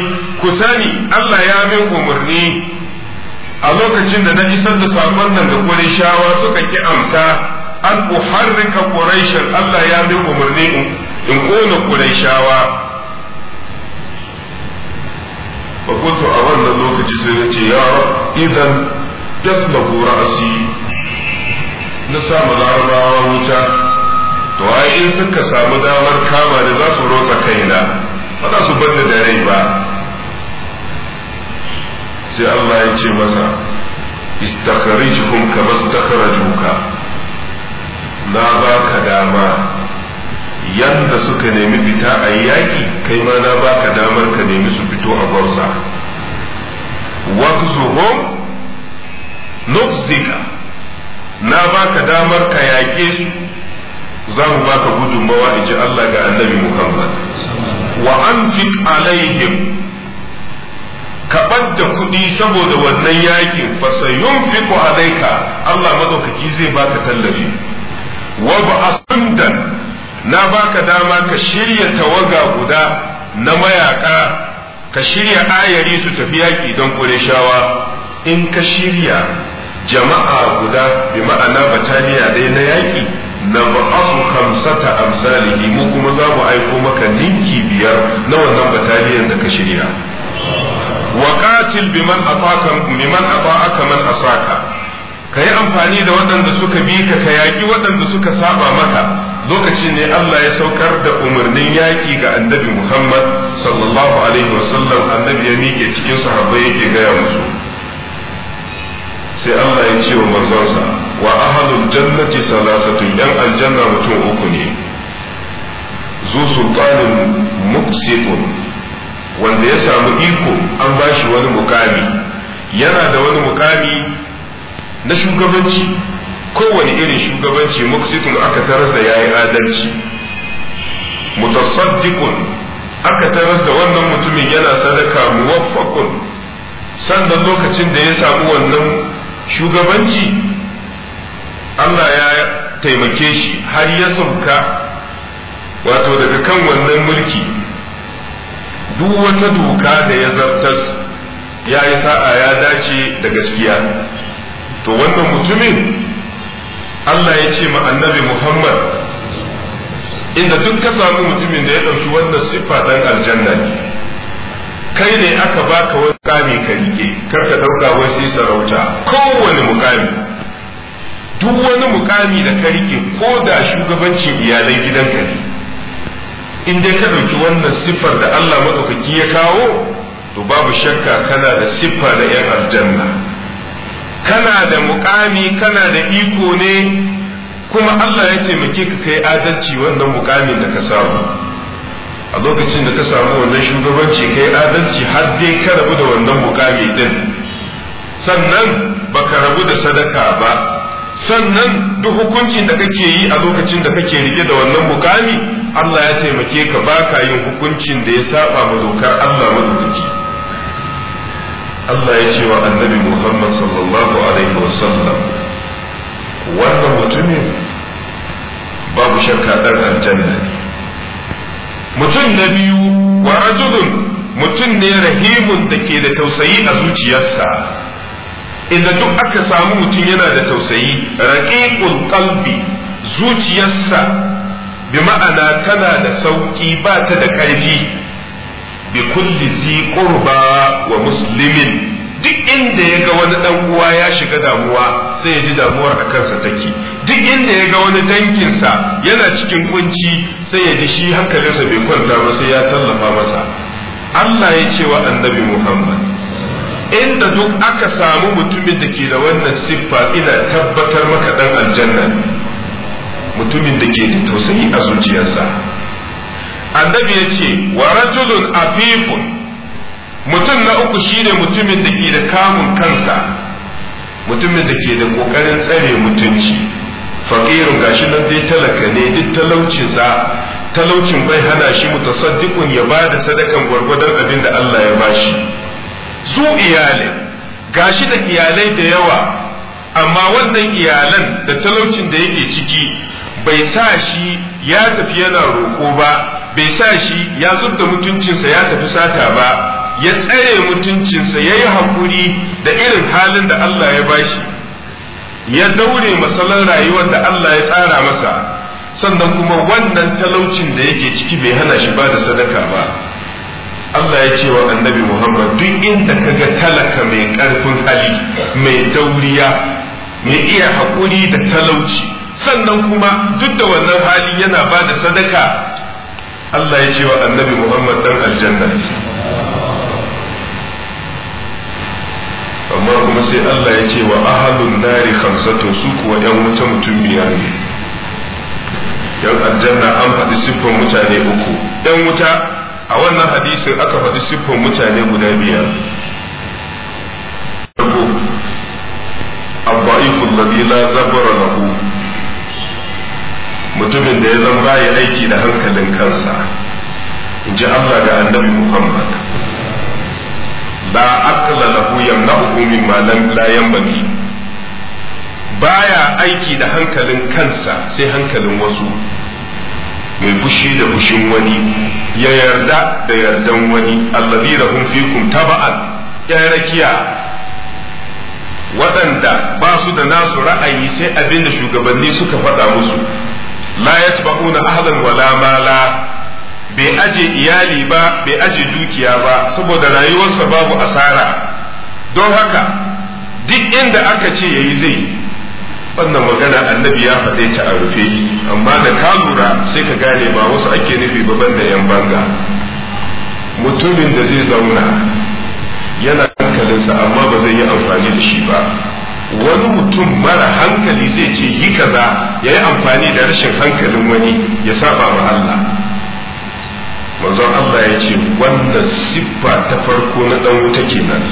كساني الله يا من أمرني a lokacin da na isar da sakon nan ga Qurayshawa suka ki amsa an uharrika Quraysh Allah ya bi umarni in kona Qurayshawa Ba kuntu a wannan lokaci sai na ce ya rab idan tasbahu ra'si na samu larabawa wuta to ai in suka samu damar kama da za su rotsa kaina ba za su bar da rai ba sai Allah ya ce masa istakharijhum kama istakharajuka na ba ka dama yanda suka nemi fita a yaki kai ma na ba ka damar ka nemi su fito a gwarsa wakzuhum nufzika na ba ka damar ka yaƙe su za mu ba ka gudunmawa in ji Allah ga annabi Muhammad wa anfiq alaihim kabar da kuɗi saboda wannan yakin fasa yun fiko alaika Allah madaukaki zai baka tallafi wa ba na baka dama ka shirya tawaga guda na mayaka ka shirya ayari su tafi yaki don kureshawa in ka shirya jama'a guda bi ma'ana bataliya dai na yaki na ba'asu kamsata amsalihi mu kuma za mu aiko maka ninki biyar na wannan bataliyan da ka shirya wa qatil biman ataka liman ata'aka man asaka ka yi amfani da waɗanda suka bi ka ka yaƙi waɗanda suka saba maka lokaci ne Allah ya saukar da umarnin yaƙi ga annabi Muhammad sallallahu alaihi wasallam annabi ya miƙe cikin sahabbai yake gaya musu sai Allah ya ce wa manzonsa wa ahlul jannati salasatu yan aljanna mutum uku ne zu sultanin muqsitun wanda ya samu iko an ba shi wani mukami yana da wani mukami na shugabanci kowane irin shugabanci muksitun aka tarar da yayi adalci mutasaddiqun aka tarar da wannan mutumin yana sadaka muwaffaqun sannan lokacin da ya samu wannan shugabanci Allah ya taimake shi har ya sauka wato daga kan wannan mulki duk wata doka da ya zartar ya yi sa'a ya dace da gaskiya to wannan mutumin Allah ya ce ma annabi Muhammad inda duk ka samu mutumin da ya ɗauki wannan siffa ɗan aljanna ne kai ne aka baka wani mukami ka rike kar ka ɗauka wasu sarauta kowane mukami duk wani mukami da ka rike ko da shugabancin iyalai gidanka ne in dai ka ɗauki wannan siffar da Allah maɗaukaki ya kawo to babu shakka kana da siffa da 'yan aljanna kana da mukami, kana da iko ne kuma Allah ya taimake ka kai adalci wannan mukamin da ka samu a lokacin da ka samu wannan shugabanci kai adalci har dai ka rabu da wannan mukami din sannan baka rabu da sadaka ba sannan duk hukuncin da kake yi a lokacin da kake rike da wannan mukami Allah ya taimake ka baka yin hukuncin da ya saba ma dokar Allah madaukaki Allah ya ce wa annabi Muhammad sallallahu alaihi wasallam wannan mutumin babu shakka dan aljanna mutum na biyu wa rajulun mutum ne rahimun da ke da tausayi a zuciyarsa inda duk aka samu mutum yana da tausayi raqiqul qalbi zuciyarsa bi ma'ana tana da sauki ba ta da karfi bi kulli zi qurba wa muslimin duk inda ya ga wani dan uwa ya shiga damuwa sai ya ji damuwar a kansa take duk inda ya ga wani dankinsa yana cikin kunci sai ya ji shi hankalinsa bai kwanta ba sai ya tallafa masa Allah ya ce wa annabi Muhammad inda duk aka samu mutumin da ke da wannan siffa ina tabbatar maka dan aljanna mutumin da ke da tausayi a zuciyarsa annabi ya ce wa rajulun afifun mutum na uku shine mutumin da ke da kamun kansa mutumin da ke da kokarin tsare mutunci faqirun gashi nan dai talaka ne duk talaucinsa talaucin bai hana shi mutasaddiqun ya bada sadakan gwargwadon abin da Allah ya bashi su iyalin gashi da iyalai da yawa amma wannan iyalan da talaucin da yake ciki bai sa shi ya tafi yana roƙo ba bai sa shi ya da mutuncinsa ya tafi sata ba ya tsare mutuncinsa ya yi haƙuri da irin halin da Allah ya bashi ya daure masalan rayuwar da Allah ya tsara masa sannan kuma wannan talaucin da yake ciki bai hana shi ba da sadaka ba Allah ya ce wa annabi Muhammad duk inda ka ga talaka mai karfin hali mai tauriya mai iya haƙuri da talauci sannan kuma duk da wannan hali yana ba da sadaka Allah ya ce wa annabi Muhammad dan aljanna amma kuma sai Allah ya ce wa ahalun nari khamsatu su kuwa yan wuta mutum biyar ne yan aljanna an faɗi siffar mutane uku yan wuta a wannan hadisin aka faɗi siffan mutane guda biyar farko abba'ifu alladhi zabara zabra lahu mutumin da ya zama ya aiki da hankalin kansa in ji Allah da annabi Muhammad la aqla lahu yamna'uhu ma lam la yanbaghi baya aiki da hankalin kansa sai hankalin wasu mai fushi da fushin wani ya yarda da yardan wani allazi da hun fikum taba'an ya rakiya waɗanda ba su da nasu ra'ayi sai abin da shugabanni suka faɗa musu la yatba'una ahlan wala mala bai aje iyali ba bai aje dukiya ba saboda rayuwarsa babu asara don haka duk inda aka ce yayi zai wannan magana annabi ya faɗe ta a rufe amma da ka lura sai ka gane ba wasu ake nufi ba banda yan banga mutumin da zai zauna yana hankalinsa amma ba zai yi amfani da shi ba wani mutum mara hankali zai ce yi kaza ya yi amfani da rashin hankalin wani ya saba wa Allah manzon Allah ya ce wanda siffa ta farko na dan wuta kenan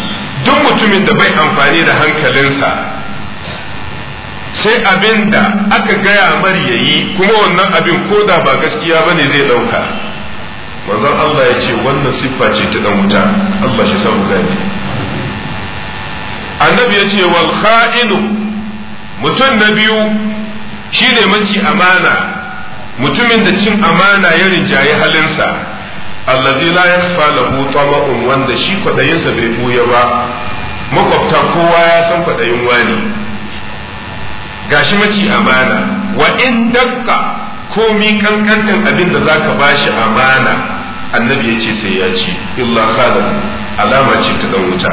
duk mutumin da bai amfani da hankalinsa sai abin da aka gaya mar yayi kuma wannan abin ko da ba gaskiya bane zai dauka manzon Allah ya ce wannan siffa ce ta dan wuta Allah shi samu gani annabi ya ce wal kha'inu mutum na biyu shine manci amana mutumin da cin amana ya rinjaye halinsa allazi la yakhfa lahu tama'un wanda shi kwadayinsa bai buya ba makwabta kowa ya san kwadayin wani gashi maci amana wa in dakka komi kankantin abin da zaka bashi amana annabi ya ce sai ya ci illa kada alama ce ta dan wuta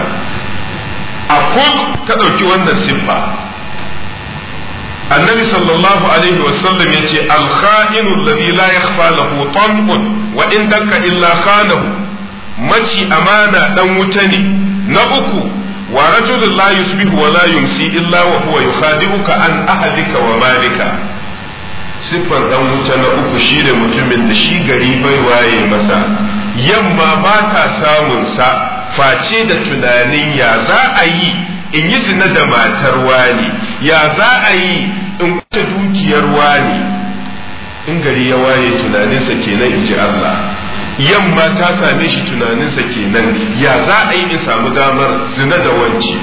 a ta ɗauki wannan siffa annabi sallallahu alaihi wasallam ya ce alkha'inu alladhi la yakhfa lahu tanqun wa in dakka illa khanahu maci amana ɗan wuta ne na uku wa rajulun la yusbihu wa la yumsi illa wa huwa an ahlika wa malika siffar dan wuta na uku shi da mutumin da shi gari bai waye masa yamma ba ta samun sa face da tunanin ya za a yi in yi zina da matar wani ya za a yi in kwace dukiyar wani in gari ya waye tunaninsa kenan in ji Allah yamma ta same shi tunaninsa kenan ya za a yi in samu damar zina da wanci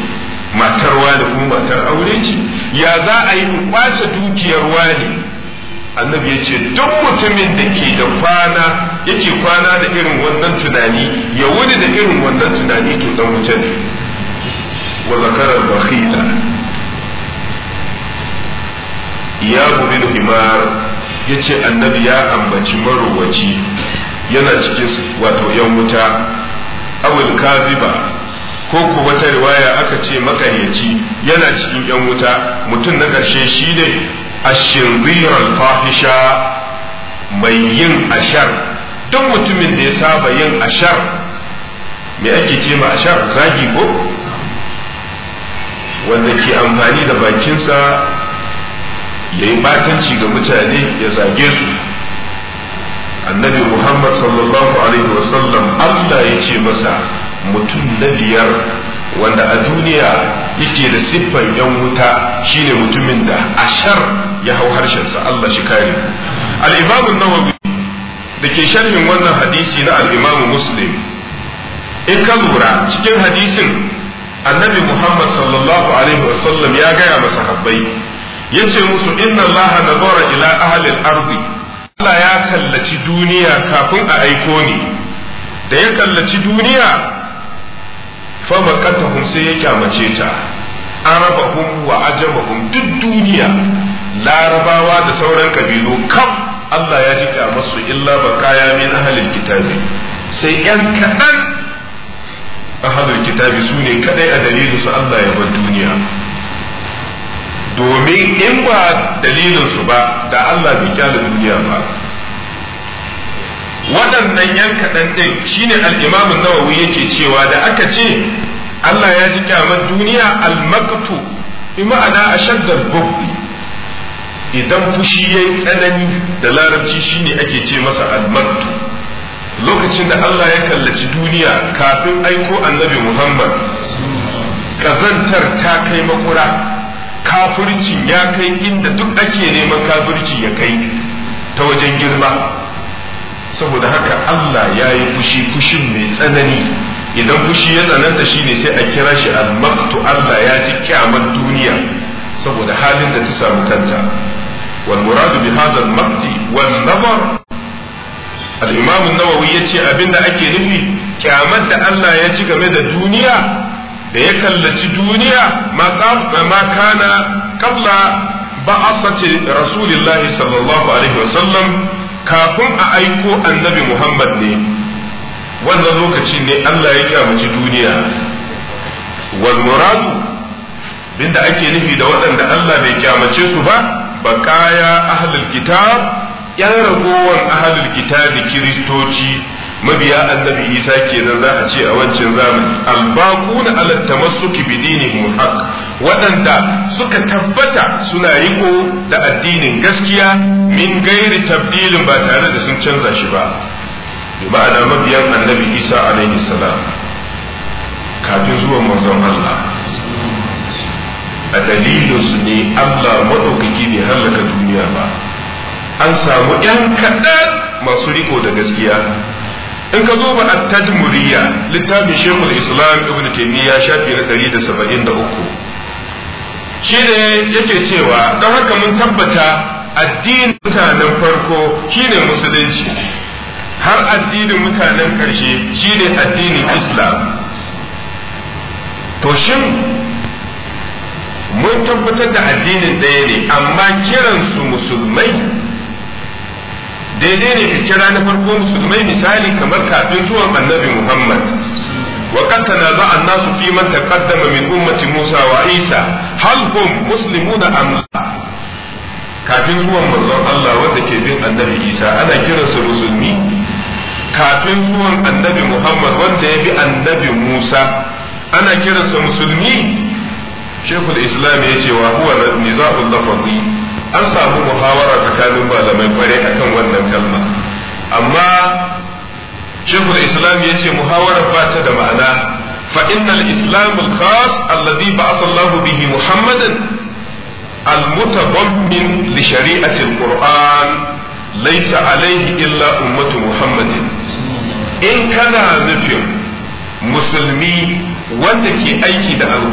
matar wani kuma matar aure ce ya za a yi kwace dukiyar wani annabi ya ce duk mutumin da ke da kwana yake kwana da irin wannan tunani ya wuni da irin wannan tunani to dan wuce ne wa zakarar bakhila ya gubil himar ya ce annabi ya ambaci marowaci yana cikin wato yan wuta awil kaziba ko ku wata riwaya aka ce makayyaci yana cikin yan wuta mutum na karshe shi ne ashinzirar fahisha mai yin ashar duk mutumin da ya saba yin ashar me ake ce ma ashar zagi ko wanda ke amfani da bakinsa ya yi batanci ga mutane ya zage su annabi muhammad sallallahu alaihi wasallam allah ya ce masa mutum na biyar wanda a duniya yake da siffar yan wuta shine mutumin da ashar ya hau harshensa allah shi kare al-imam nawawi da ke sharhin wannan hadisi na al-imam muslim in ka lura cikin hadisin annabi muhammad sallallahu alaihi wasallam ya gaya masa habbai yace musu inna allaha nazara ila ahli al-ardi Allah ya kallaci duniya kafin a aiko ni da ya kallaci duniya fa baqatahum sai ya kyamace ta arabahum wa ajabahum duk duniya larabawa da sauran kabilu kam Allah ya ji masu illa kaya min ahlil kitabi sai yan kaɗan ahalin kitabi su ne kaɗai a dalilin su Allah ya bar duniya domin in ba dalilin su ba da Allah bai kyale duniya ba waɗannan yan kaɗan ɗin shine al-Imam nawawi yake cewa da aka ce Allah ya ji kyamar duniya al maktu bi ma'ana ashaddar gubbi idan fushi yayi tsanani da larabci shine ake ce masa al maktu lokacin da Allah ya kallaci duniya kafin aiko annabi Muhammad kazantar ta kai makura kafircin ya kai inda duk ake neman kafirci ya kai ta wajen girma saboda haka Allah ya yi fushi fushin mai tsanani idan fushi ya tsananta ne sai a kira shi al Allah ya ji kyaman duniya saboda halin da ta samu kanta wal muradu bi hadha al-maqti wal nazar al-imam an-nawawi yace abinda ake nufi kyamar da Allah ya ji game da duniya da ya kallaci duniya ma kana kabla ba'asati rasulillahi sallallahu alaihi wasallam kafin a aiko annabi Muhammad ne wannan lokaci ne Allah ya kyamaci duniya wal muradu binda ake nufi da waɗanda Allah bai kyamace su ba bakaya ahlul kitab yan ragowar ahlul kitabi kiristoci mabiya annabi isa kenan za a ce a wancan zamani albaquna ala tamassuki bi dinihim haqq waɗanda suka tabbata suna riko da addinin gaskiya min gairi tabdilin ba tare da sun canza shi ba ma'ana mabiyan annabi isa alaihi salam kafin zuwan manzon Allah a dalilinsu ne Allah maɗaukaki bai hallaka duniya ba an samu ‘yan kaɗan masu riko da gaskiya in ka zo ba at-tajmuriyya littafin Sheikhul Islam Ibn Taymiyyah shafi na uku. shi da yake cewa don haka mun tabbata addinin mutanen farko shine musulunci har addinin mutanen karshe shine addinin Islam to shin mun tabbatar da addinin ɗaya ne amma kiransu musulmai daidai ne ka kira na farko musulmai misali kamar kafin zuwan annabi Muhammad wa qad za an-nasu fi man taqaddama min ummaci Musa wa Isa hal hum muslimuna am kafin zuwan manzon Allah wanda ke bin annabi Isa ana kiransa musulmi kafin zuwan annabi Muhammad wanda ya bi annabi Musa ana kiransa musulmi Sheikhul Islam ya ce wa huwa niza'ul lafzi an samu muhawarar tsakanin malamai kwarai akan wannan kalma amma shekul islam ya ce muhawarar ba ta da ma'ana fa innal islam al-khas alladhi ba'atha bihi muhammadan al-mutabammin li shari'ati al-qur'an laysa alayhi illa ummatu muhammadin in kana nufin musulmi wanda ke aiki da al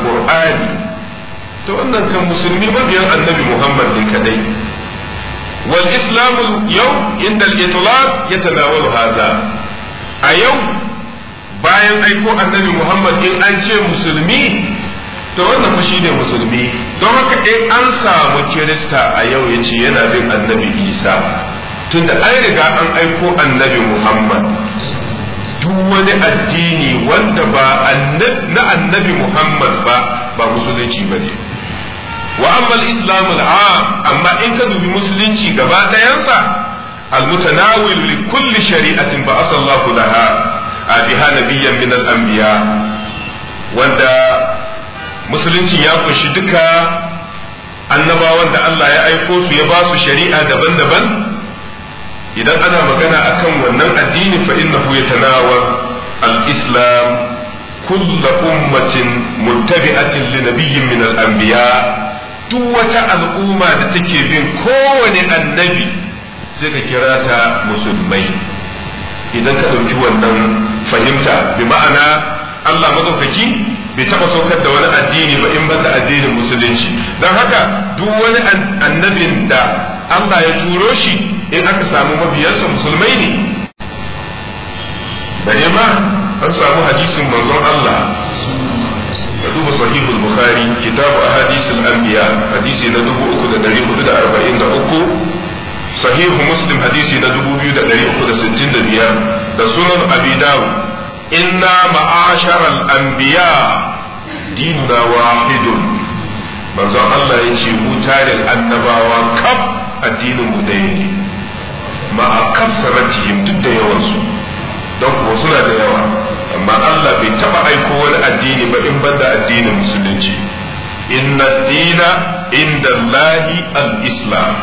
to wannan kan musulmi mabiyan annabi muhammad ne kadai wal islamu yau inda al-itlaq yatanawalu hada a yau bayan aiko annabi muhammad in an ce musulmi to wannan fa shine musulmi don haka dai an samu kirista a yau yace yana bin annabi isa tunda an riga an aiko annabi muhammad duk wani addini wanda ba na annabi muhammad ba ba musulunci ba ne wa amma al-islam al-am amma in ka dubi musulunci gaba dayansa al-mutanawil li kulli shari'atin ba'atha Allah laha biha nabiyyan min al-anbiya wanda musulunci ya kunshi duka annabawan da Allah ya aiko su ya ba su shari'a daban-daban idan ana magana akan wannan addini fa innahu yatanawar al-islam كل أمة متبعة لنبي من الأنبياء دوة الأمة تكيبين كون النبي سيكيراتا مسلمين idan ka ɗauki wannan fahimta bi ma'ana Allah madaukaki bai taɓa saukar da wani addini ba in banda addinin musulunci don haka duk wani annabin da Allah ya turo shi in aka samu mabiyarsa musulmai ne bare ma an samu hadisin manzon Allah ka duba sahihul bukhari kitabu ahadisul anbiya hadisi na 3443 صحيح مسلم حديثي ندبو بيو da أخد ستين دبيا دا سنن أبي داو إنا معاشر manzon Allah ya ce mu tarin annabawa kaf addinin mu ɗaya ne ma'a duk da yawansu don kuwa suna da yawa amma Allah bai taba aiko wani addini ba in banda addinin musulunci inna dina inda al-islam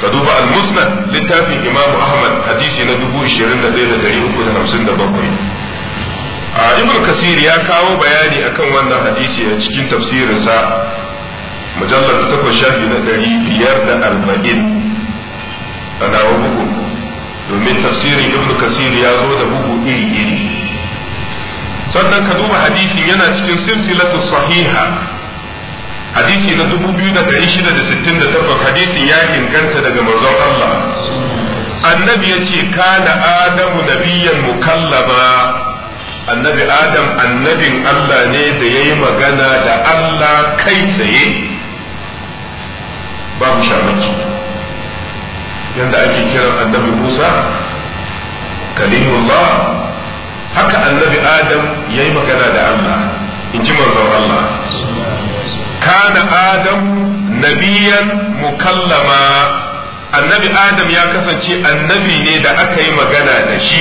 ka duba al-musnad littafin Imam Ahmad hadisi na 21357 a ibn kasir ya kawo bayani akan wannan hadisi a cikin tafsirinsa mujallar ta takwas shafi na ɗari biyar da arba'in a nawa bugu domin tafsirin ibn kasir ya zo da bugu iri iri sannan ka duba hadisi yana cikin silsilatu sahiha hadisi na 2668 hadisi ya inganta daga manzon Allah annabi ya ce kana adamu nabiyyan mukallama annabi adam annabin Allah ne da ya yi magana da Allah kai tsaye babu shamaki yadda ake kiran annabi Musa kalimullah haka annabi Adam ya yi magana da Allah in ji manzon Allah kana Adam nabiyan mukallama annabi Adam ya kasance annabi ne da aka yi magana da shi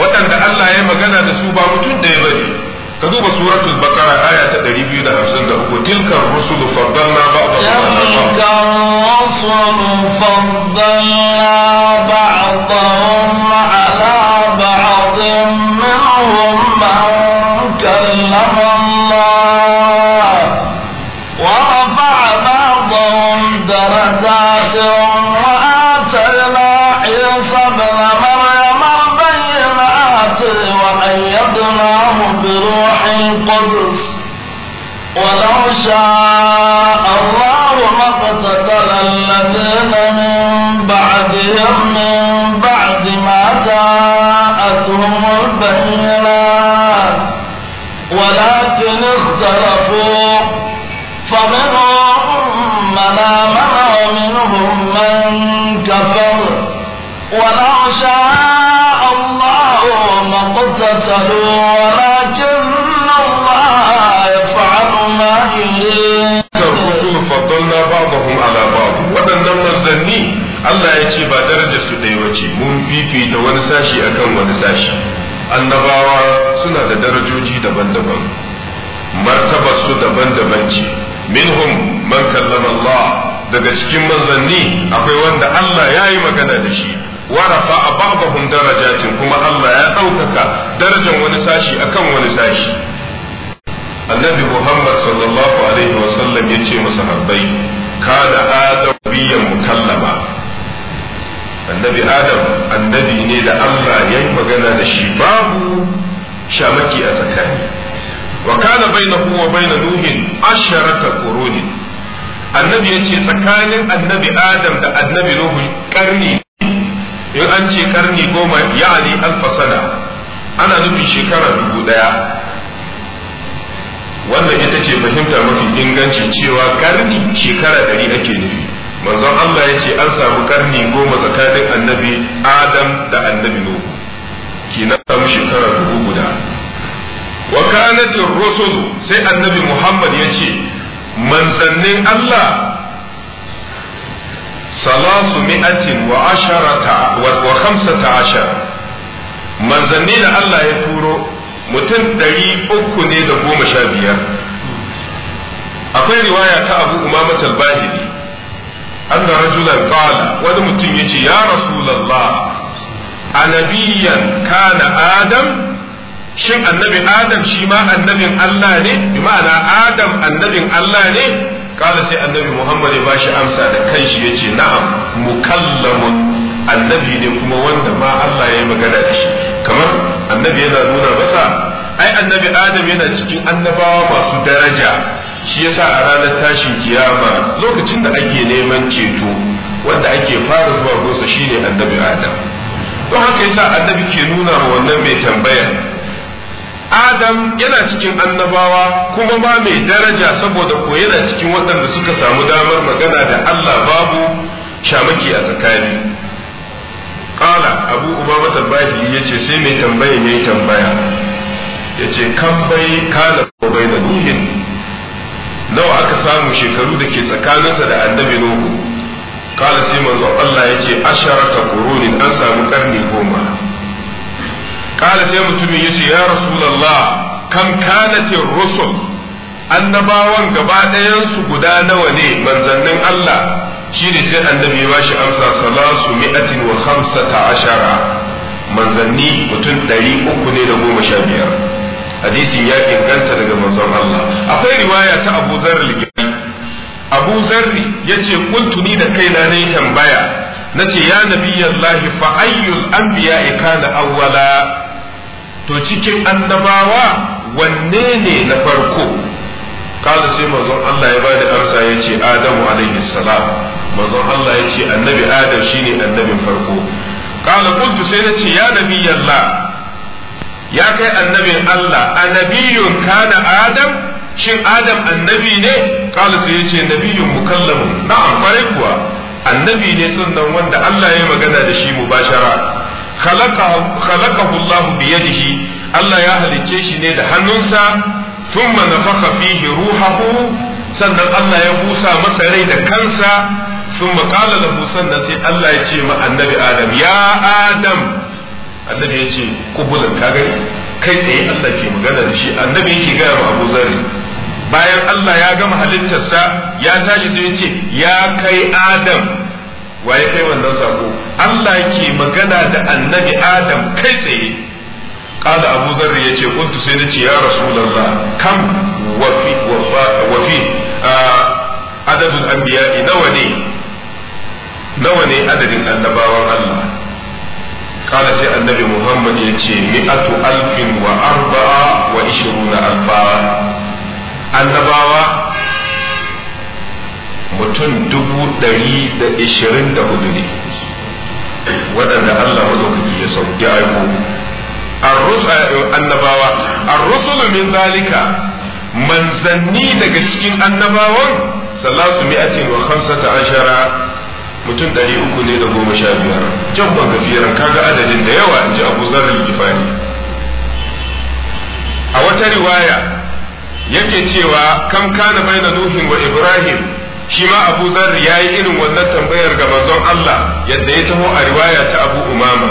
waɗanda Allah ya yi magana da su ba mutum da ya bari ka duba suratul baqara aya ta 253 tilkar rusulu faddalna ba'dahum ala ba'd بعضهم فضلنا بعضهم sashi akan wani sashi annabawa suna da darajoji daban-daban martaba su daban-daban ce minhum man kallama Allah daga cikin manzanni akwai wanda Allah ya yi magana da shi wa rafa'a ba'dahum darajatin kuma Allah ya ɗaukaka darajar wani sashi akan wani sashi annabi Muhammad sallallahu alaihi wa sallam yace masahabbai kana adam biyan mukallama annabi adam annabi ne da Allah ya yi magana da shi babu shamaki a tsakani wa kana bainahu wa bain nuhin asharata quruni annabi yace tsakanin annabi adam da annabi nuhu karni in an ce karni goma ya'ani alfasana ana nufin shekara dubu daya wannan ita ce fahimta mafi inganci cewa karni shekara ɗari ake nufi manzon Allah ya ce an samu karni goma tsakanin annabi Adam da annabi Nuhu na samu shekara dubu guda wa kanat rusul sai annabi Muhammad ya ce manzannin Allah salasu mi'atin wa asharata wa khamsata ashar manzanni da Allah ya turo mutum ɗari uku ne da goma sha biyar akwai riwaya ta abu umama talbahiri anna rajulan qala wani mutum yace ya rasulallah, anabiyan kana adam shin annabi adam shi ma annabin Allah ne bi ma'ana adam annabin Allah ne kala sai annabi Muhammad ya bashi amsa da kanshi yace na'am mukallamun annabi ne kuma wanda ma Allah ya yi magana da shi kamar annabi yana nuna masa ai annabi adam yana cikin annabawa masu daraja shi yasa a ranar tashin kiyama lokacin da ake neman ceto wanda ake fara zuwa gosa shine annabi adam don haka yasa annabi ke nuna wa wannan mai tambaya adam yana cikin annabawa kuma ba mai daraja saboda ko yana cikin waɗanda suka samu damar magana da Allah babu shamaki a tsakani qala abu umama ya yace sai mai tambaya yayi tambaya yace kan bai ko bai da nuhin nawa aka samu shekaru da ke tsakaninsa da annabi nuhu kala sai Allah ya ce asharata qurunin an samu karni goma kala sai mutumin ya ya rasulullah kam kanatin rusul annabawan gaba ɗayansu guda nawa ne manzannin Allah shi ne sai annabi ya shi amsa salasu mi'atin wa hamsata ashara manzanni mutum ɗari uku ne da goma sha biyar hadisin ya inganta daga manzon Allah akwai riwaya ta Abu Dharr al Abu Dharr yace kuntu ni da kaina ne tambaya nace ya nabiyallahi fa ayyul anbiya'i kana awwala to cikin annabawa wanne ne na farko Kala sai manzon Allah ya bada amsa ya ce Adamu alaihi salam manzon Allah ya ce annabi Adam shine annabin farko kala kuntu sai na ce ya nabi Allah ya kai annabin Allah annabiyun kana adam shin adam annabi ne kala sai yace nabiyun mukallamu na'am kwarai kuwa annabi ne sannan wanda Allah ya magana da shi mubashara khalaqahu Allah bi yadihi Allah ya halicce shi ne da hannunsa thumma nafakha fihi ruhahu sannan Allah ya busa masa rai da kansa thumma qala lahu sannan sai Allah ya ce ma annabi Adam ya Adam annabi ya ce kubulan ka gani kai tsaye Allah ke magana da shi annabi yake gaya wa Abu Zarri bayan Allah ya gama halittarsa ya tashi sai ya ce ya kai Adam waye kai wannan sako Allah ke magana da annabi Adam kai tsaye kada abu قال ya ce kuntu sai nace ya Rasulullah kam wafi wafa wafi وفي anbiya nawa ne nawa ne adadin annabawan Allah kala sai annabi muhammad ya ce mi'atu alfin wa arba'a wa ishiruna alfa annabawa mutum dubu ɗari da ishirin da hudu ne waɗanda Allah mazaukaki ya sauki aiko annabawa ar-rusulu min zalika manzanni daga cikin annabawan salatu mi'atin wa ta ashara mutum ɗari uku ne da goma sha biyar can ba gafiran kaga adadin da yawa in ji abu zarar gifani a wata riwaya yake cewa kam kana bai da nuhin wa ibrahim shi ma abu zar ya yi irin wannan tambayar ga manzon allah yadda ya taho a riwaya ta abu umama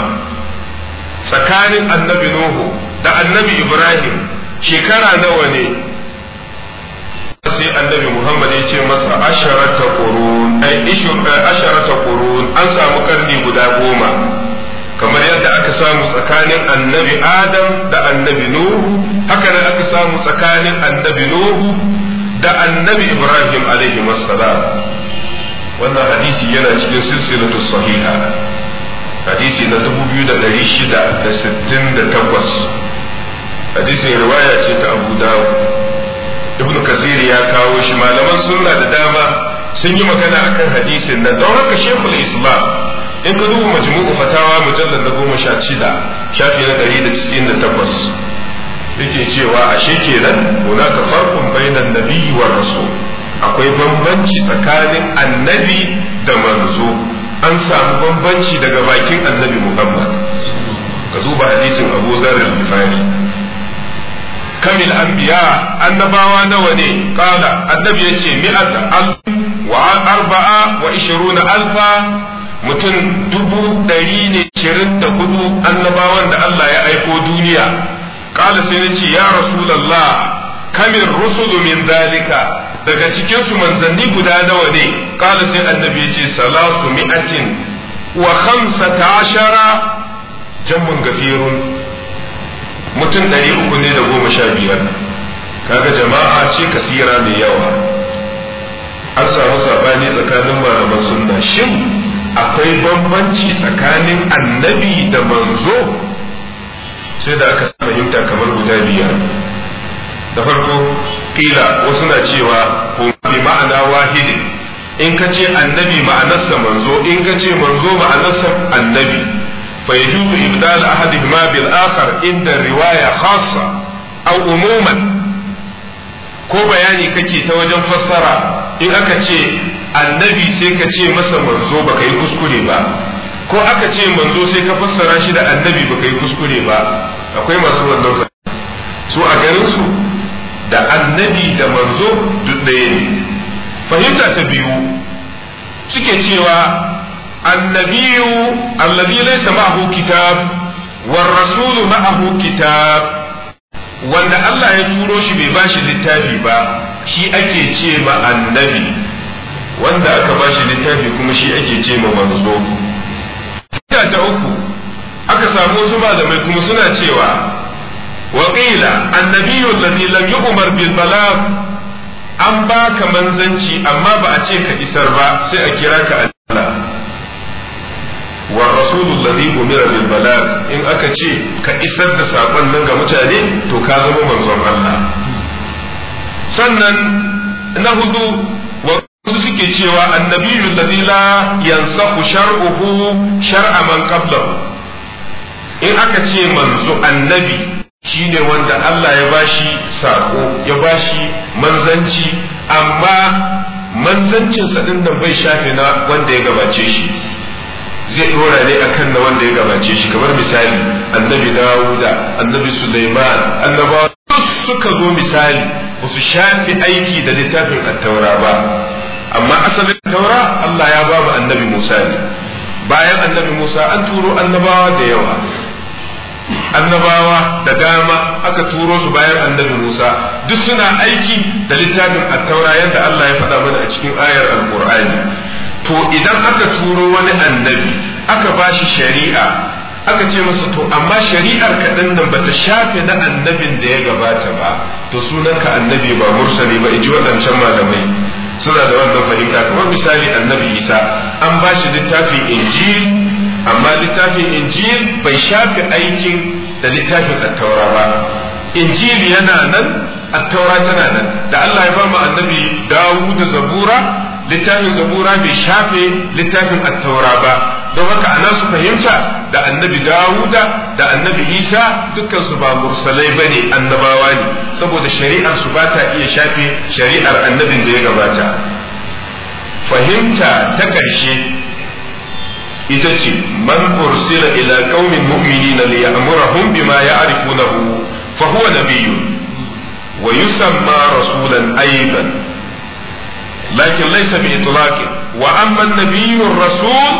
tsakanin annabi nuhu da annabi ibrahim shekara nawa ne sai annabi Muhammad ya ce masa asharata qurun ai eh, asharata qurun an samu karni guda goma kamar yadda aka samu tsakanin annabi Adam da annabi Nuhu haka aka samu tsakanin annabi Nuhu da annabi Ibrahim alaihi wassalam wannan hadisi yana cikin silsilatu sahiha hadisi na 2668 hadisin riwaya ce ta Abu Dawud ibn kasir ya kawo shi malaman sunna da dama sun yi magana akan hadisin nan don haka shekul islam in ka duba majmu'u fatawa mujallal na goma sha shida shafi na ɗari da cikin da takwas yake cewa ashe kenan kuna ka farkon bainan nabiyyi wa rasu akwai bambanci tsakanin annabi da manzo an samu bambanci daga bakin annabi muhammad ka duba hadisin abu zarar al kamil anbiya annabawa nawa ne kala annabi yace mi'ata alf wa arba'a wa ishiruna alfa mutum dubu ɗari ne shirin da hudu annabawan da Allah ya aiko duniya kala sai ce ya rasulullah kamil rusulu min zalika daga cikin su manzanni guda nawa ne kala sai annabi yace salatu mi'atin wa khamsata ashara jammun gafirun mutum ɗari uku ne da goma sha biyar kaga jama'a ce ka kasira mai yawa an samu saɓani tsakanin malaman sunna shin akwai bambanci tsakanin annabi da manzo sai da aka fahimta kamar guda biyar da farko kila wasu na cewa ko bi ma'ana wahidi in ka ce annabi ma'anarsa manzo in ka ce manzo ma'anarsa annabi فيجوز إبدال أحدهما بالآخر عند الرواية خاصة أو عموما ko bayani kake ta wajen fassara in aka ce annabi sai ka ce masa manzo baka yi kuskure ba ko aka ce manzo sai ka fassara shi da annabi baka yi kuskure ba akwai masu wannan su a garin su da annabi da manzo duk ɗaya ne fahimta ta biyu suke cewa النبي الذي ليس معه كتاب والرسول معه كتاب wanda Allah ya turo shi bai bashi littafi ba shi ake ce ma annabi wanda aka bashi littafi kuma shi ake ce ma manzo ta uku aka samu wasu malamai kuma suna cewa Waƙila, qila annabiyyu alladhi lam yu'mar bil an baka manzanci amma ba a ce ka isar ba sai a kira ka wa rasulul ladhi umira bil balagh in aka ce ka isar da sakon nan ga mutane to ka zama manzon Allah sannan na hudu wa su suke cewa annabiyyu ladhi la yansahu shar'uhu shar'a man in aka ce manzo annabi shine wanda Allah ya bashi sako ya bashi manzanci amma manzancinsa din nan bai shafe na wanda ya gabace shi zai dora ne akan na wanda ya gabace shi kamar misali annabi dawuda annabi sulaiman annabawa suka zo misali ba su shafi aiki da littafin attaura ba amma asalin taura Allah ya babu annabi Musa ne bayan annabi Musa an turo annabawa da yawa annabawa da dama aka turo su bayan annabi Musa duk suna aiki da littafin attaura yadda Allah ya faɗa mana a cikin ayar alkur'ani to idan aka turo wani annabi aka ba shi shari'a aka ce masa to amma shari'ar kaɗan nan bata shafe na annabin da ya gabata ba to sunanka annabi ba mursali ba iji waɗancan malamai suna da wannan fahimta kamar misali annabi isa an ba shi littafin injil amma littafin injil bai shafe aikin da littafin attaura ba injil yana nan attaura tana nan da allah ya ba annabi dawu da zabura littafin zabura bai shafe littafin attaura ba don haka anan su fahimta da annabi dawuda da annabi isa dukkan su ba mursalai ba ne annabawa ne saboda shari'ar su ba ta iya shafe shari'ar annabin da ya gabata fahimta ta ƙarshe ita ce man ursila ila qaumin mu'minina liya'murahum bima ya'rifunahu fa huwa nabiyyun wa yusamma rasulan aidan لكن ليس بإطلاق وأما النبي الرسول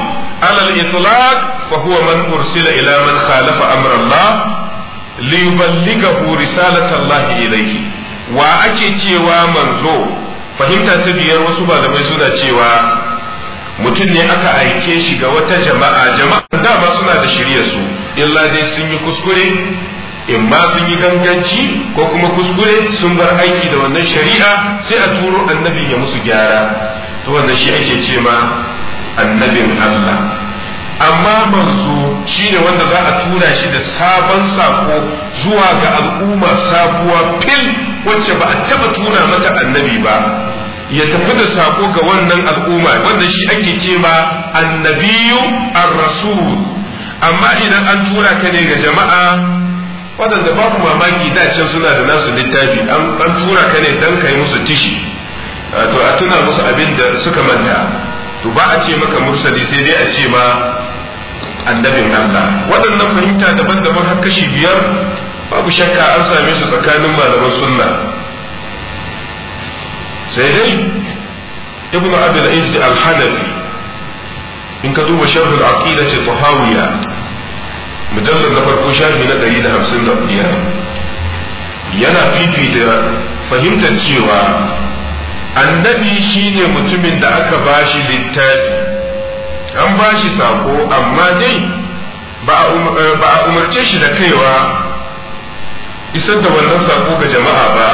على الإطلاق فهو من أرسل إلى من خالف أمر الله ليبلغه رسالة الله إليه وأكي تيوى منزو فهمت تبير وسبا لما يسونا تيوى mutum ne aka aike shi ga wata jama'a jama'a dama suna da shirya su illa dai sun yi kuskure in ma sun yi ganganci ko kuma kuskure sun bar aiki da wannan shari'a sai a turo annabi ya musu gyara to wannan shi ake ce ma annabin Allah amma manzo shine wanda za a tura shi da sabon sako zuwa ga al'umma sabuwa fil wacce ba a taba tura mata annabi ba ya tafi da sako ga wannan al'umma wanda shi ake ce ma annabiyu ar-rasul amma idan an tura ka ne ga jama'a waɗanda babu mamaki da can suna da nasu littafi an tura ka ne dan kai musu tishi to a tuna musu abin da suka manta to ba a ce maka mursali sai dai a ce ma annabin Allah waɗannan fahimta daban-daban har kashi biyar babu shakka an same su tsakanin malaman sunna sai dai ibnu abdul aziz al-hanafi in ka duba sharh al-aqidah tahawiyya mujallar na farko shafi na ɗari da hamsin da biyar yana fifita fahimtar cewa annabi shine mutumin da aka bashi littafi an bashi sako amma dai um-, eh, ba a umarce shi da kaiwa isar da wannan sako ga jama'a ba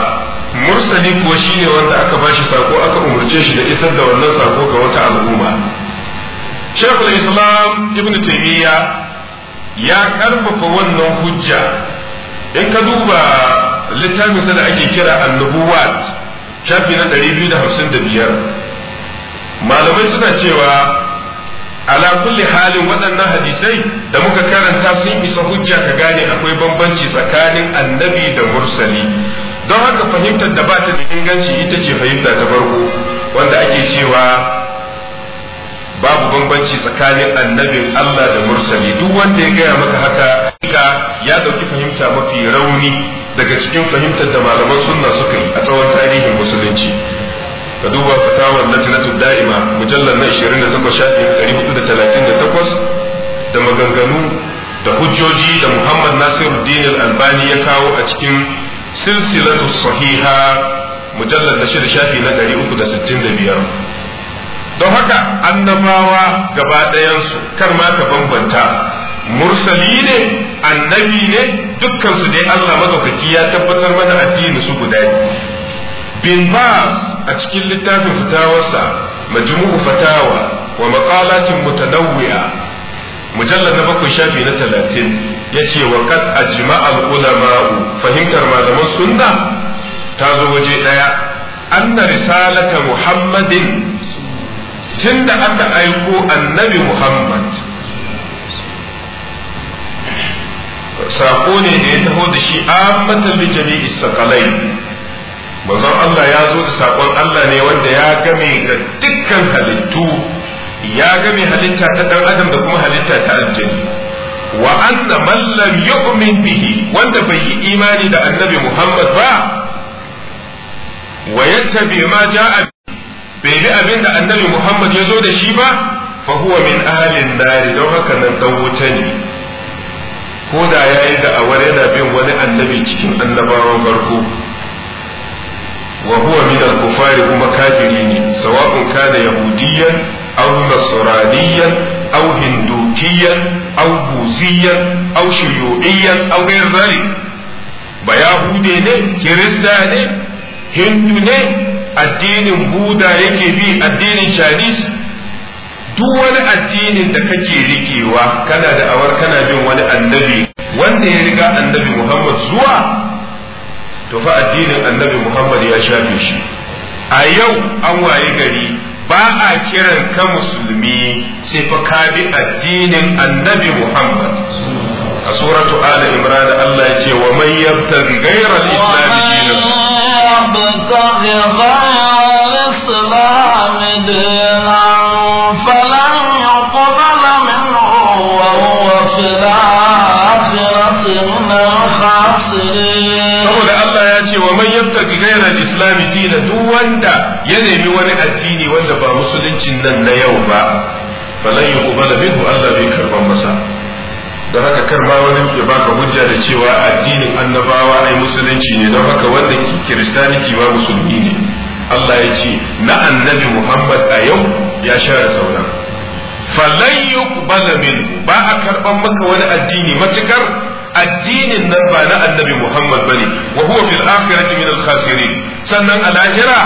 mursali kuwa shine wanda aka bashi sako aka umarce shi da isar da wannan sako ga wata al'umma shekul islam ibn taimiyya ya karfafa wannan hujja in ka duba littafin da ake kira annubuwat shafi na 255 malamai suna cewa ala kulli halin waɗannan hadisai da muka karanta sun isa hujja ka gane akwai bambanci tsakanin annabi da mursali don haka fahimtar da ba ta da inganci ita ce fahimta ta farko wanda ake cewa babu bambanci tsakanin annabin Allah da mursali duk wanda ya gaya maka haka ka ya dauki fahimta mafi rauni daga cikin fahimtar da malaman sunna suka yi a tsawon tarihin musulunci ka duba fatawar lajnatu da'ima mujallar na 27 shafin 438 da maganganu da hujjoji da Muhammad Nasiruddin Al-Albani ya kawo a cikin silsilatu sahiha mujallar na 6 shafi na 365 don haka annabawa gaba ɗayansu kar ma ka bambanta mursali ne annabi ne dukkansu dai Allah madaukaki ya tabbatar mana addini su guda bin ba a cikin littafin fitawarsa majmu'u fatawa wa maqalatin mutanawwi'a mujallad na bakwai shafi na talatin yace wa kad ajma'a al-ulama'u fahimtar malaman sunna ta zo waje daya anna risalata muhammadin tun da aka aiko annabi Muhammad sako ne da ya taho da shi ammatan bi jami'i sakalai manzon Allah ya zo da sakon Allah ne wanda ya game ga dukkan halittu ya game halitta ta ɗan adam da kuma halitta ta aljani wa anna man lam yu'min bihi wanda bai yi imani da annabi Muhammad ba wa yattabi ma ja'a bai bi abin da annabi Muhammad ya zo da shi ba fa huwa min ahlin dari don haka nan dan wuta ne ko da ya yi awar yana bin wani annabi cikin annabawan farko wa huwa min al-kufari kuma kafiri ne sawa'un kana yahudiyyan aw nasraniyyan aw hindukiyyan aw buziyyan aw shuyu'iyyan aw ghayr dhalik ba yahude ne kirista ne hindu ne addinin buda yake bi addinin shanis duk wani addinin da kake rikewa kana da awar kana bin wani annabi wanda ya riga annabi muhammad zuwa to fa addinin annabi muhammad ya shafe shi a yau an waye gari ba a kiran ka musulmi sai fa ka bi addinin annabi muhammad a suratu ala imran allah ya ce wa man yabtaghi ghayra al-islam يبتغ غير الإسلام دينا فلن يقبل منه وهو في الآخرة من الخاسرين saboda Allah ya ce wa man yabtaki ghayra al-islam dina duk wanda ya nemi wani addini wanda ba musuluncin nan na yau ba falan yuqbala minhu Allah bai karban masa don haka kar ba wani ya baka hujja da cewa addinin annabawa ai musulunci ne don haka wanda kiristaniki ba musulmi ne Allah ya ce na annabi Muhammad a yau ya share sauran Falayyuk yuqbala min ba a karban maka wani addini matukar addinin nan ba na annabi Muhammad bane wa huwa fil akhirati min al khasirin sannan a lahira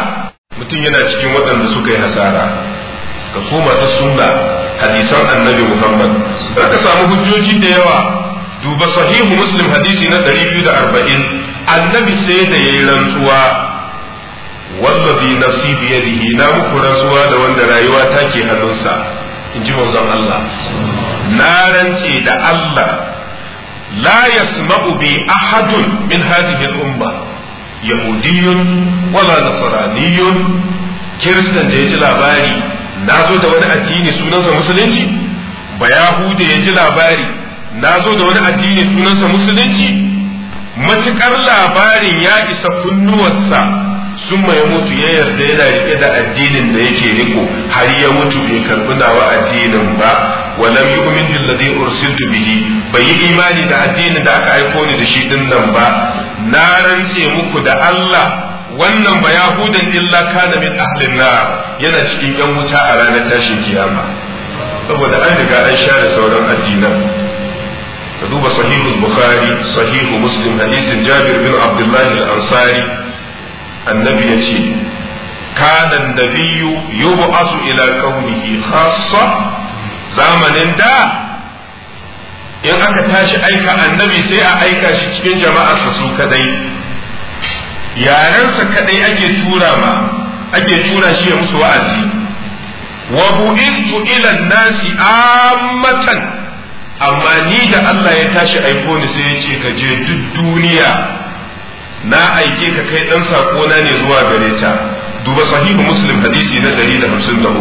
mutum yana cikin waɗanda suka yi hasara ka koma ta sunna hadisan annabi Muhammad zaka samu hujjoji da yawa duba sahihu muslim hadisi na 240 annabi sai da yayi rantsuwa wallazi nafsi bi yadihi na muku rantsuwa da wanda rayuwa take hannunsa in ji manzon Allah na rance da Allah la yasma'u bi ahadun min hadhihi al-umma yahudiyyun wala nasraniyyun kiristan da ya ji labari na zo da wani addini sunansa musulunci ba ya ji labari na zo da wani addini sunansa musulunci matukar labarin ya isa kunnuwarsa sun ya mutu ya yarda yana rike da addinin da yake riko har ya mutu bai karbi nawa addinin ba walam yu'min billadhi ursiltu bihi bai yi imani da addinin da aka aiko ni da shi din nan ba na rantse muku da Allah wannan ba yahudan illa kana min ahlin nar yana cikin yan wuta a ranar tashin kiyama saboda an riga an share sauran addinan ka duba sahihul bukhari sahihu muslim hadisin jabir bin abdullahi al-ansari annabi ya ce kana nabiyyu yub'asu ila qaumihi khassa zamanin da in aka tashi aika annabi sai a aika shi cikin jama'arsa su kadai yarensa kadai ake tura ma ake tura shi ya musu wa'azi wa bu'istu ila nasi ammatan amma ni da Allah ya tashi aiko ni sai ya ce ka je duk duniya na aike ka kai dan sako na ne zuwa gare ta duba sahihu muslim hadisi na 153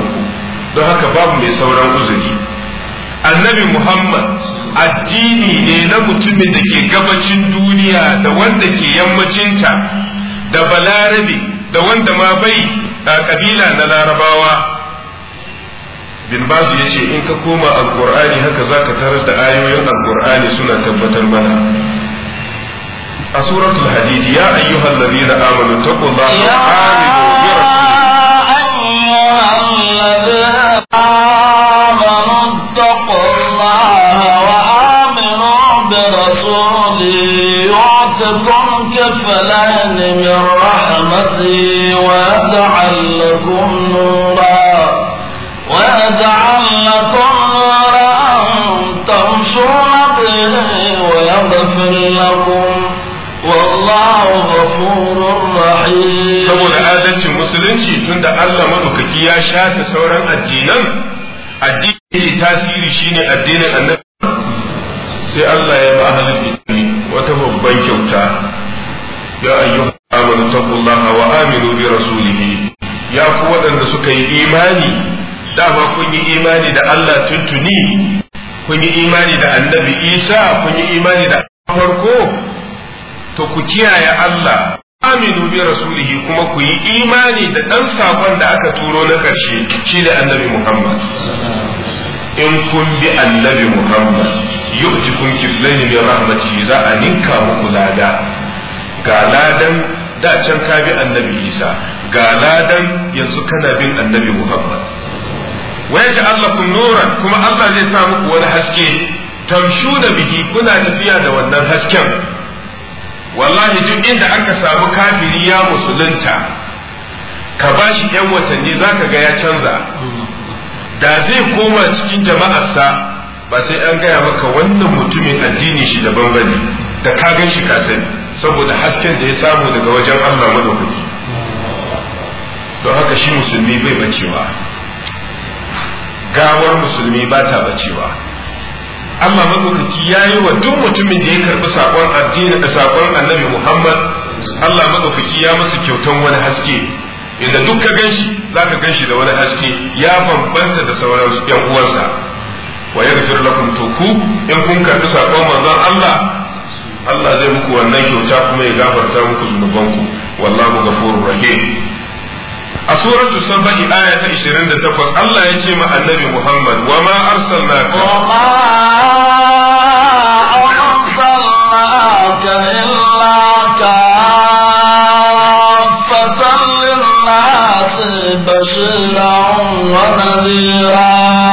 don haka babu mai sauran uzuri annabi muhammad addini ne na mutumin da ke gabacin duniya da wanda ke yammacinta da balarabe da wanda ma bai a kabila na larabawa bin bazu ya ce in ka koma alkur'ani haka za ka tarar da ayoyin alkur'ani suna tabbatar mana a suratul hadid ya ayyuhal ladina amanu taqullaha wa aminu bi rasulihi عبد رسولي يعتكم كفلان من رحمتي ويجعل لكم نورا ويجعل لكم نورا تمشون به ويغفر لكم والله غفور رحيم saboda adalcin musulunci tunda Allah madaukaki ya shata sauran addinan addini tasiri shine addinin annabi sai Allah ya ba ahlul kitabi wata babban kyauta ya ayyuha amanu taqullaha wa aminu bi rasulih ya ku waɗanda suka yi imani dama kun yi imani da Allah tuntuni kun yi imani da annabi Isa kun yi imani da farko to ku kiyaye Allah aminu bi rasulihi kuma ku yi imani da dan sakon da aka turo na karshe shi da annabi Muhammad in kun bi annabi Muhammad kun kiflayn min rahmati za a ninka muku lada ga ladan da can ka bi annabi Isa ga ladan yanzu kana bin annabi Muhammad wa Allah kun nuran kuma Allah zai sa muku wani haske tamshu da bihi kuna tafiya da wannan hasken wallahi duk inda aka samu kafiri ya musulunta ka bashi yan watanni zaka ga ya canza da zai koma cikin jama'arsa ba sai an gaya maka wannan mutumin addini shi daban bane da ka gan shi ka sani saboda hasken da ya samu daga wajen Allah madaukaki don haka shi musulmi bai bacewa gawar musulmi ba ta bacewa Allah madaukaki ya yi wa duk mutumin da ya karbi sakon addini da sakon annabi Muhammad Allah madaukaki ya masa kyautan wani haske inda duk ka gan shi za ka gan shi da wani haske ya bambanta da sauran yan uwansa wa yaghfir lakum to ku in kun karbi sakon manzon Allah Allah zai muku wannan kyauta kuma ya gafarta muku zunubanku wallahu ghafurur rahim a suratu saba'i aya ta 28 Allah ya ce ma annabi Muhammad wa ma arsalnaka wa ma arsalnaka illa kaffatan lin-nasi bashiran wa nadhira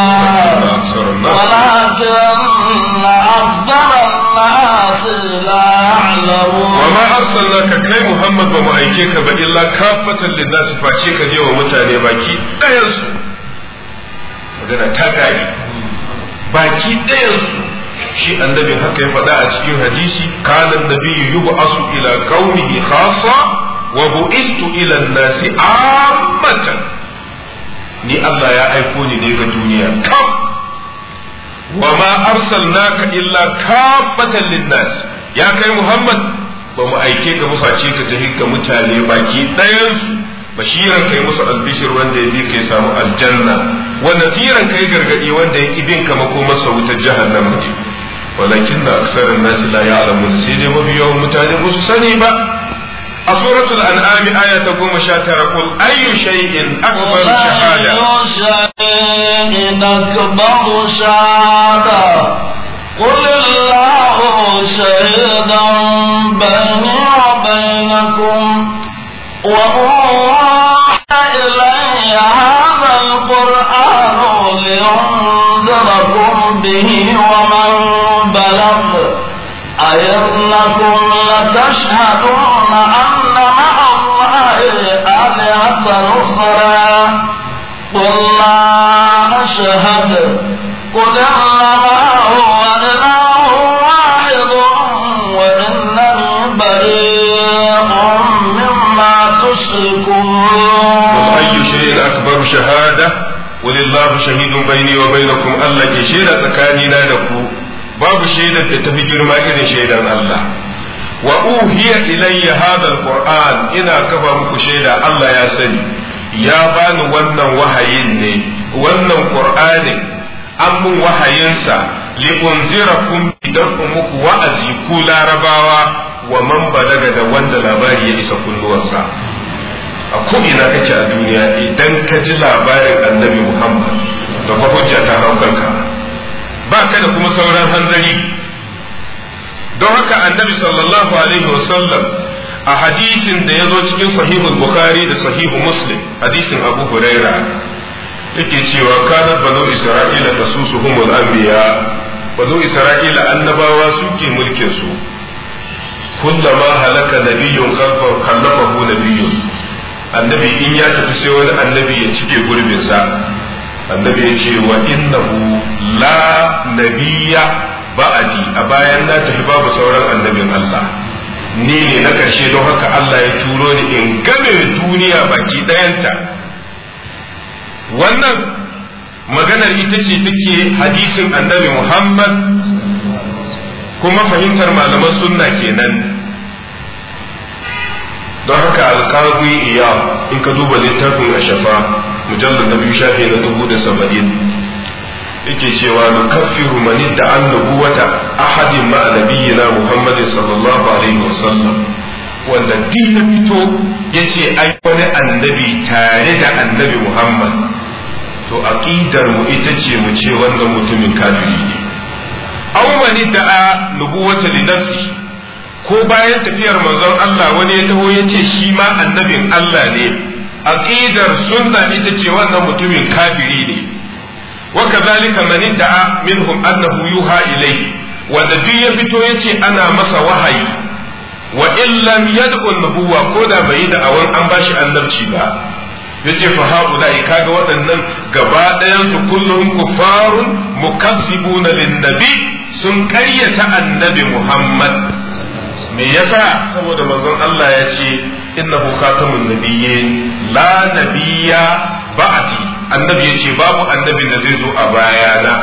ka kai Muhammad ba mu aike ka ba illa kafatan linnas face ka je wa mutane baki ɗayan su magana ta gari baki ɗayan su shi annabi haka ya faɗa a cikin hadisi kana nabiyyu yub'asu ila kaunihi khassa wa bu'istu ila an-nasi ammatan ni Allah ya aiko ni ne ga duniya kam wa ma arsalnaka illa kafatan linnas ya kai Muhammad ba mu aike ka ba face ka tafi mutane baki ɗayan bashiran kai musu albishir wanda ya bi kai samu aljanna wa nasiran kai gargadi wanda ya ibin ka makomar wutar jahannama ne walakin da aksarin nasi la ya'lamun sai dai mabiyawan mutane ba su sani ba a suratul an'ami aya ta goma sha tara qul ayyu shay'in akbar shahada شهيدا بيني وبينكم وأوحى إلي هذا القرآن لينذركم به ومن بلغ أئنكم لتشهدون أن مع الله آلهة أخرى قل لا أشهد قل إنما lahu shahada walillahu shahidun baini wa bainakum Allah ke shaida tsakanina da ku babu shaidar da tafi girma irin shaidar Allah wa uhiya ilayya hadha ina kafa muku shaida Allah ya sani ya bani wannan wahayin ne wannan qur'anin an mun wahayinsa li unzirakum idan muku wa'azi ku larabawa wa man balaga da wanda labari ya isa kunnuwarsa a ko'ina kake a duniya idan ka ji labarin annabi muhammad da kwa hujja ta haukanka ba ka da kuma sauran hanzari don haka annabi sallallahu alaihi wasallam a hadisin da ya zo cikin sahihu bukhari da sahihu muslim hadisin abu huraira yake cewa kana banu isra'ila tasusuhumul anbiya banu isra'ila annabawa suke mulkin su kullama halaka nabiyyun kalfahu nabiyyun annabi in ya tafi sai wani annabi ya cike gurbinsa annabi ya ce wa innahu la nabiyya ba'adi a bayan na tafi babu sauran annabin Allah ni ne na karshe don haka Allah ya turo ni in game duniya baki ɗayanta wannan maganar ita ce take hadisin annabi Muhammad kuma fahimtar malaman sunna kenan don haka alkawi iya in ka duba littafin a shafa mujallar na biyu shafi na dubu da saba'in yake cewa nu kaffiru man da an nubuwata ahadin ma nabiyina muhammadin sallallahu alaihi wasallam wanda duk na fito yace ai wani annabi tare da annabi muhammad to aqidar mu ita ce mu ce wanda mutumin kafiri ne aw man nubu wata li nafsihi ko bayan tafiyar manzon Allah wani ya taho ya ce shi ma annabin Allah ne aqidar sunna ita ce wannan mutumin kafiri ne wa kadhalika man da'a minhum annahu yuha ilayhi wanda duk ya fito ya ce ana masa wahayi wa illam yad'u nubuwa ko da bai yi da'awar an bashi annabci ba yace fa haula'i kaga waɗannan gaba ɗayan su kullum kufarun mukazzibuna lin nabi sun karyata annabi Muhammad me yasa saboda manzon Allah ya ce innahu khatamun nabiyyin la nabiyya ba'di annabi yace babu annabi da zai zo a bayana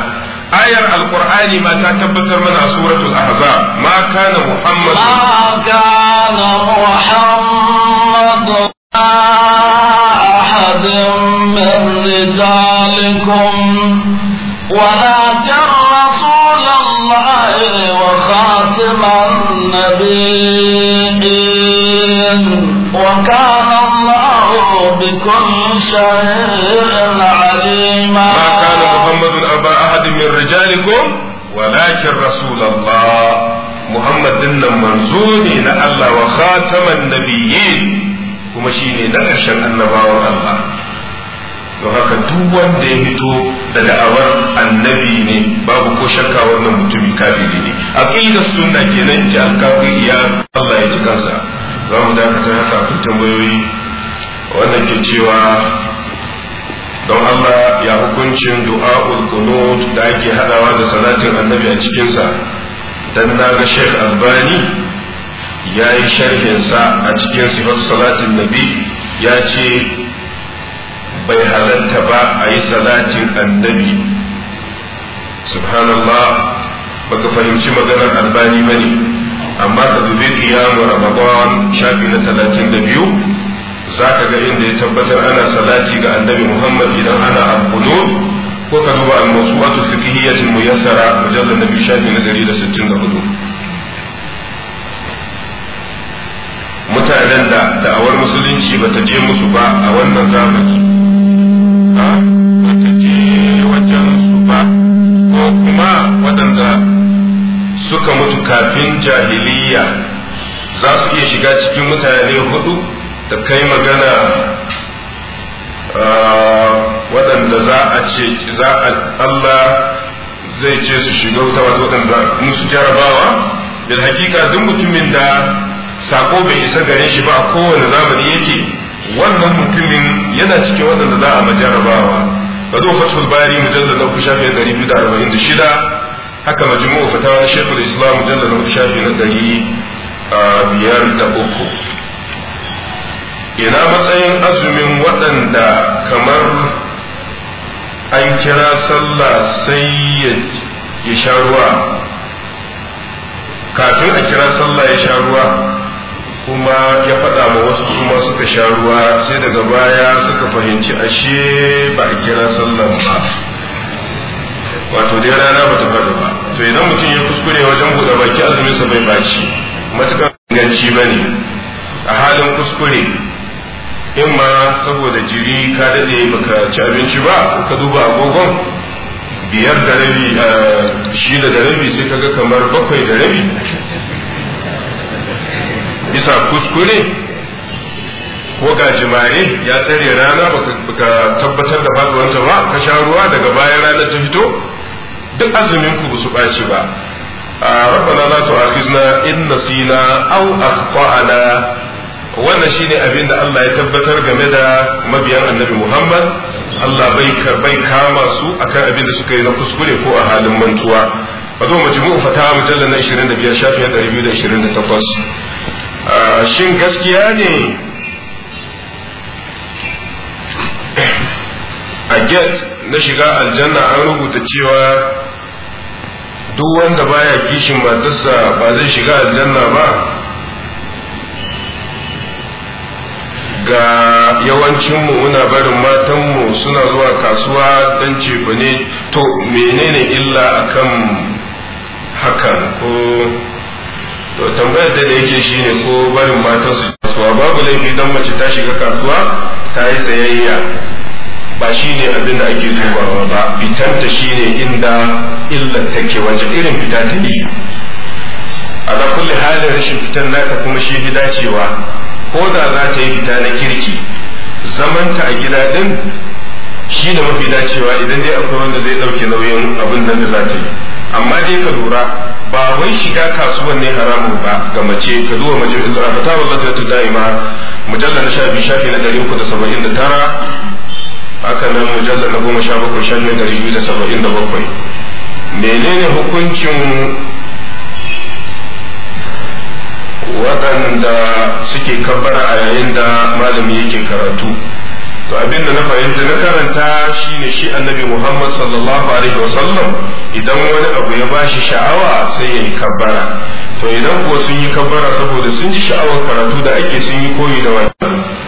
ayar alqur'ani ma ta tabbatar mana suratul ahzab ma kana muhammad ma kana muhammad ahadun min rijalikum wa خبير وكان الله بكل شيء عليما ما كان محمد أبا أحد من رجالكم ولكن رسول الله محمد إن منزوني لألا وخاتم النبيين ومشيني shine na ƙarshen annabawan to haka duk wanda ya fito daga awar annabi ne babu ko shakka wannan mutumi kafiri ne aqidar sunna kenan ji an kafiri ya Allah ya ji kansa za mu dakata haka a tambayoyi wannan ke cewa don Allah ya hukuncin du'a'ul qunut da ake hadawa da salatin annabi a cikin sa dan ga Sheikh Albani yayi sharhin sa a cikin salatin nabi ya ce bai halarta ba a yi salatin annabi subhanallah baka fahimci maganar albani ba ne amma ka dubi kiyamu ramadan shafi na talatin da biyu za ka ga inda ya tabbatar ana salati ga annabi muhammad idan ana abudu ko ka duba al-mawsu'atu fiqhiyyatin muyassara mujallad nabi shafi na da sittin hudu mutanen da da'awar musulunci ba ta je musu ba a wannan zamani waɗanda suka mutu kafin jahiliya za su iya shiga cikin mutane hudu da kai magana ah, waɗanda za a ce za a Allah zai ce su shiga wuta wato waɗanda musu jarabawa bil hakika duk mutumin da sako bai isa gare shi ba a kowane zamani yake wannan mutumin yana cikin waɗanda za a majarabawa ba zo fasul bari mujallar na uku shafi na ɗari biyu da arba'in da shida haka majmu'u fatawa na shekul islam mujallar na uku shafi na ɗari biyar da uku ina matsayin azumin waɗanda kamar an kira sallah sai ya sha ruwa kafin a kira sallah ya sha ruwa kuma ya faɗa ma wasu kuma suka sha ruwa sai daga baya suka fahimci ashe ba a kira sallan ba wato dai rana ba ta ba to idan mutum ya kuskure wajen buɗe baki azumin sa bai baci matuƙar inganci ba ne a halin kuskure in ma saboda jiri ka daɗe baka ci abinci ba ka duba agogon biyar da rabi eh, shida da rabi sai kaga kamar bakwai da rabi bisa kuskure ko gajimare ya tsare rana baka tabbatar da faduwanta ba ka sha ruwa daga bayan ranar ta fito duk azumin ku su ɓaci ba rabbana la tu'akhizna in nasina aw akhtana wannan shine abin da Allah ya tabbatar game da mabiyan annabi Muhammad Allah bai kama su akan abin da suka yi na kuskure ko a halin mantuwa wato majmu'u fatawa mujallal na 25 shafi 228 shin gaskiya ne a get na shiga aljanna an rubuta cewa duk wanda baya kishin matarsa ba zai shiga aljanna ba ga yawancinmu muna barin matanmu suna zuwa kasuwa don cefane to menene illa akan hakan ko to tambayar da yake shine ko barin matan su kasuwa babu laifi dan mace ta shiga kasuwa ta yi sayayya ba shine abin da ake dubawa ba fitanta shine inda illar take wace irin fita ta yi ala kulli halin rashin fitan nata kuma shi gida cewa ko da za ta yi fita na kirki zamanta a gida din shi da mafi dacewa idan dai akwai wanda zai dauke nauyin abin da za ta yi amma dai ka lura ba wai shiga kasuwan ne haramun ba ga mace ka zuwa mace in zara fata wa zata da'ima mujallar na shafi shafi na ɗari uku da saba'in da tara haka nan mujallar na goma sha bakwai shafi na ɗari biyu da saba'in da bakwai menene hukuncin waɗanda suke kabbara a yayin da malami yake karatu to abin da na fahimta na karanta shine shi annabi Muhammad sallallahu alaihi wasallam idan wani abu ya bashi sha'awa sai ya yi kabbara to idan kuwa sun yi kabbara saboda sun ji sha'awar karatu da ake sun yi koyi da wannan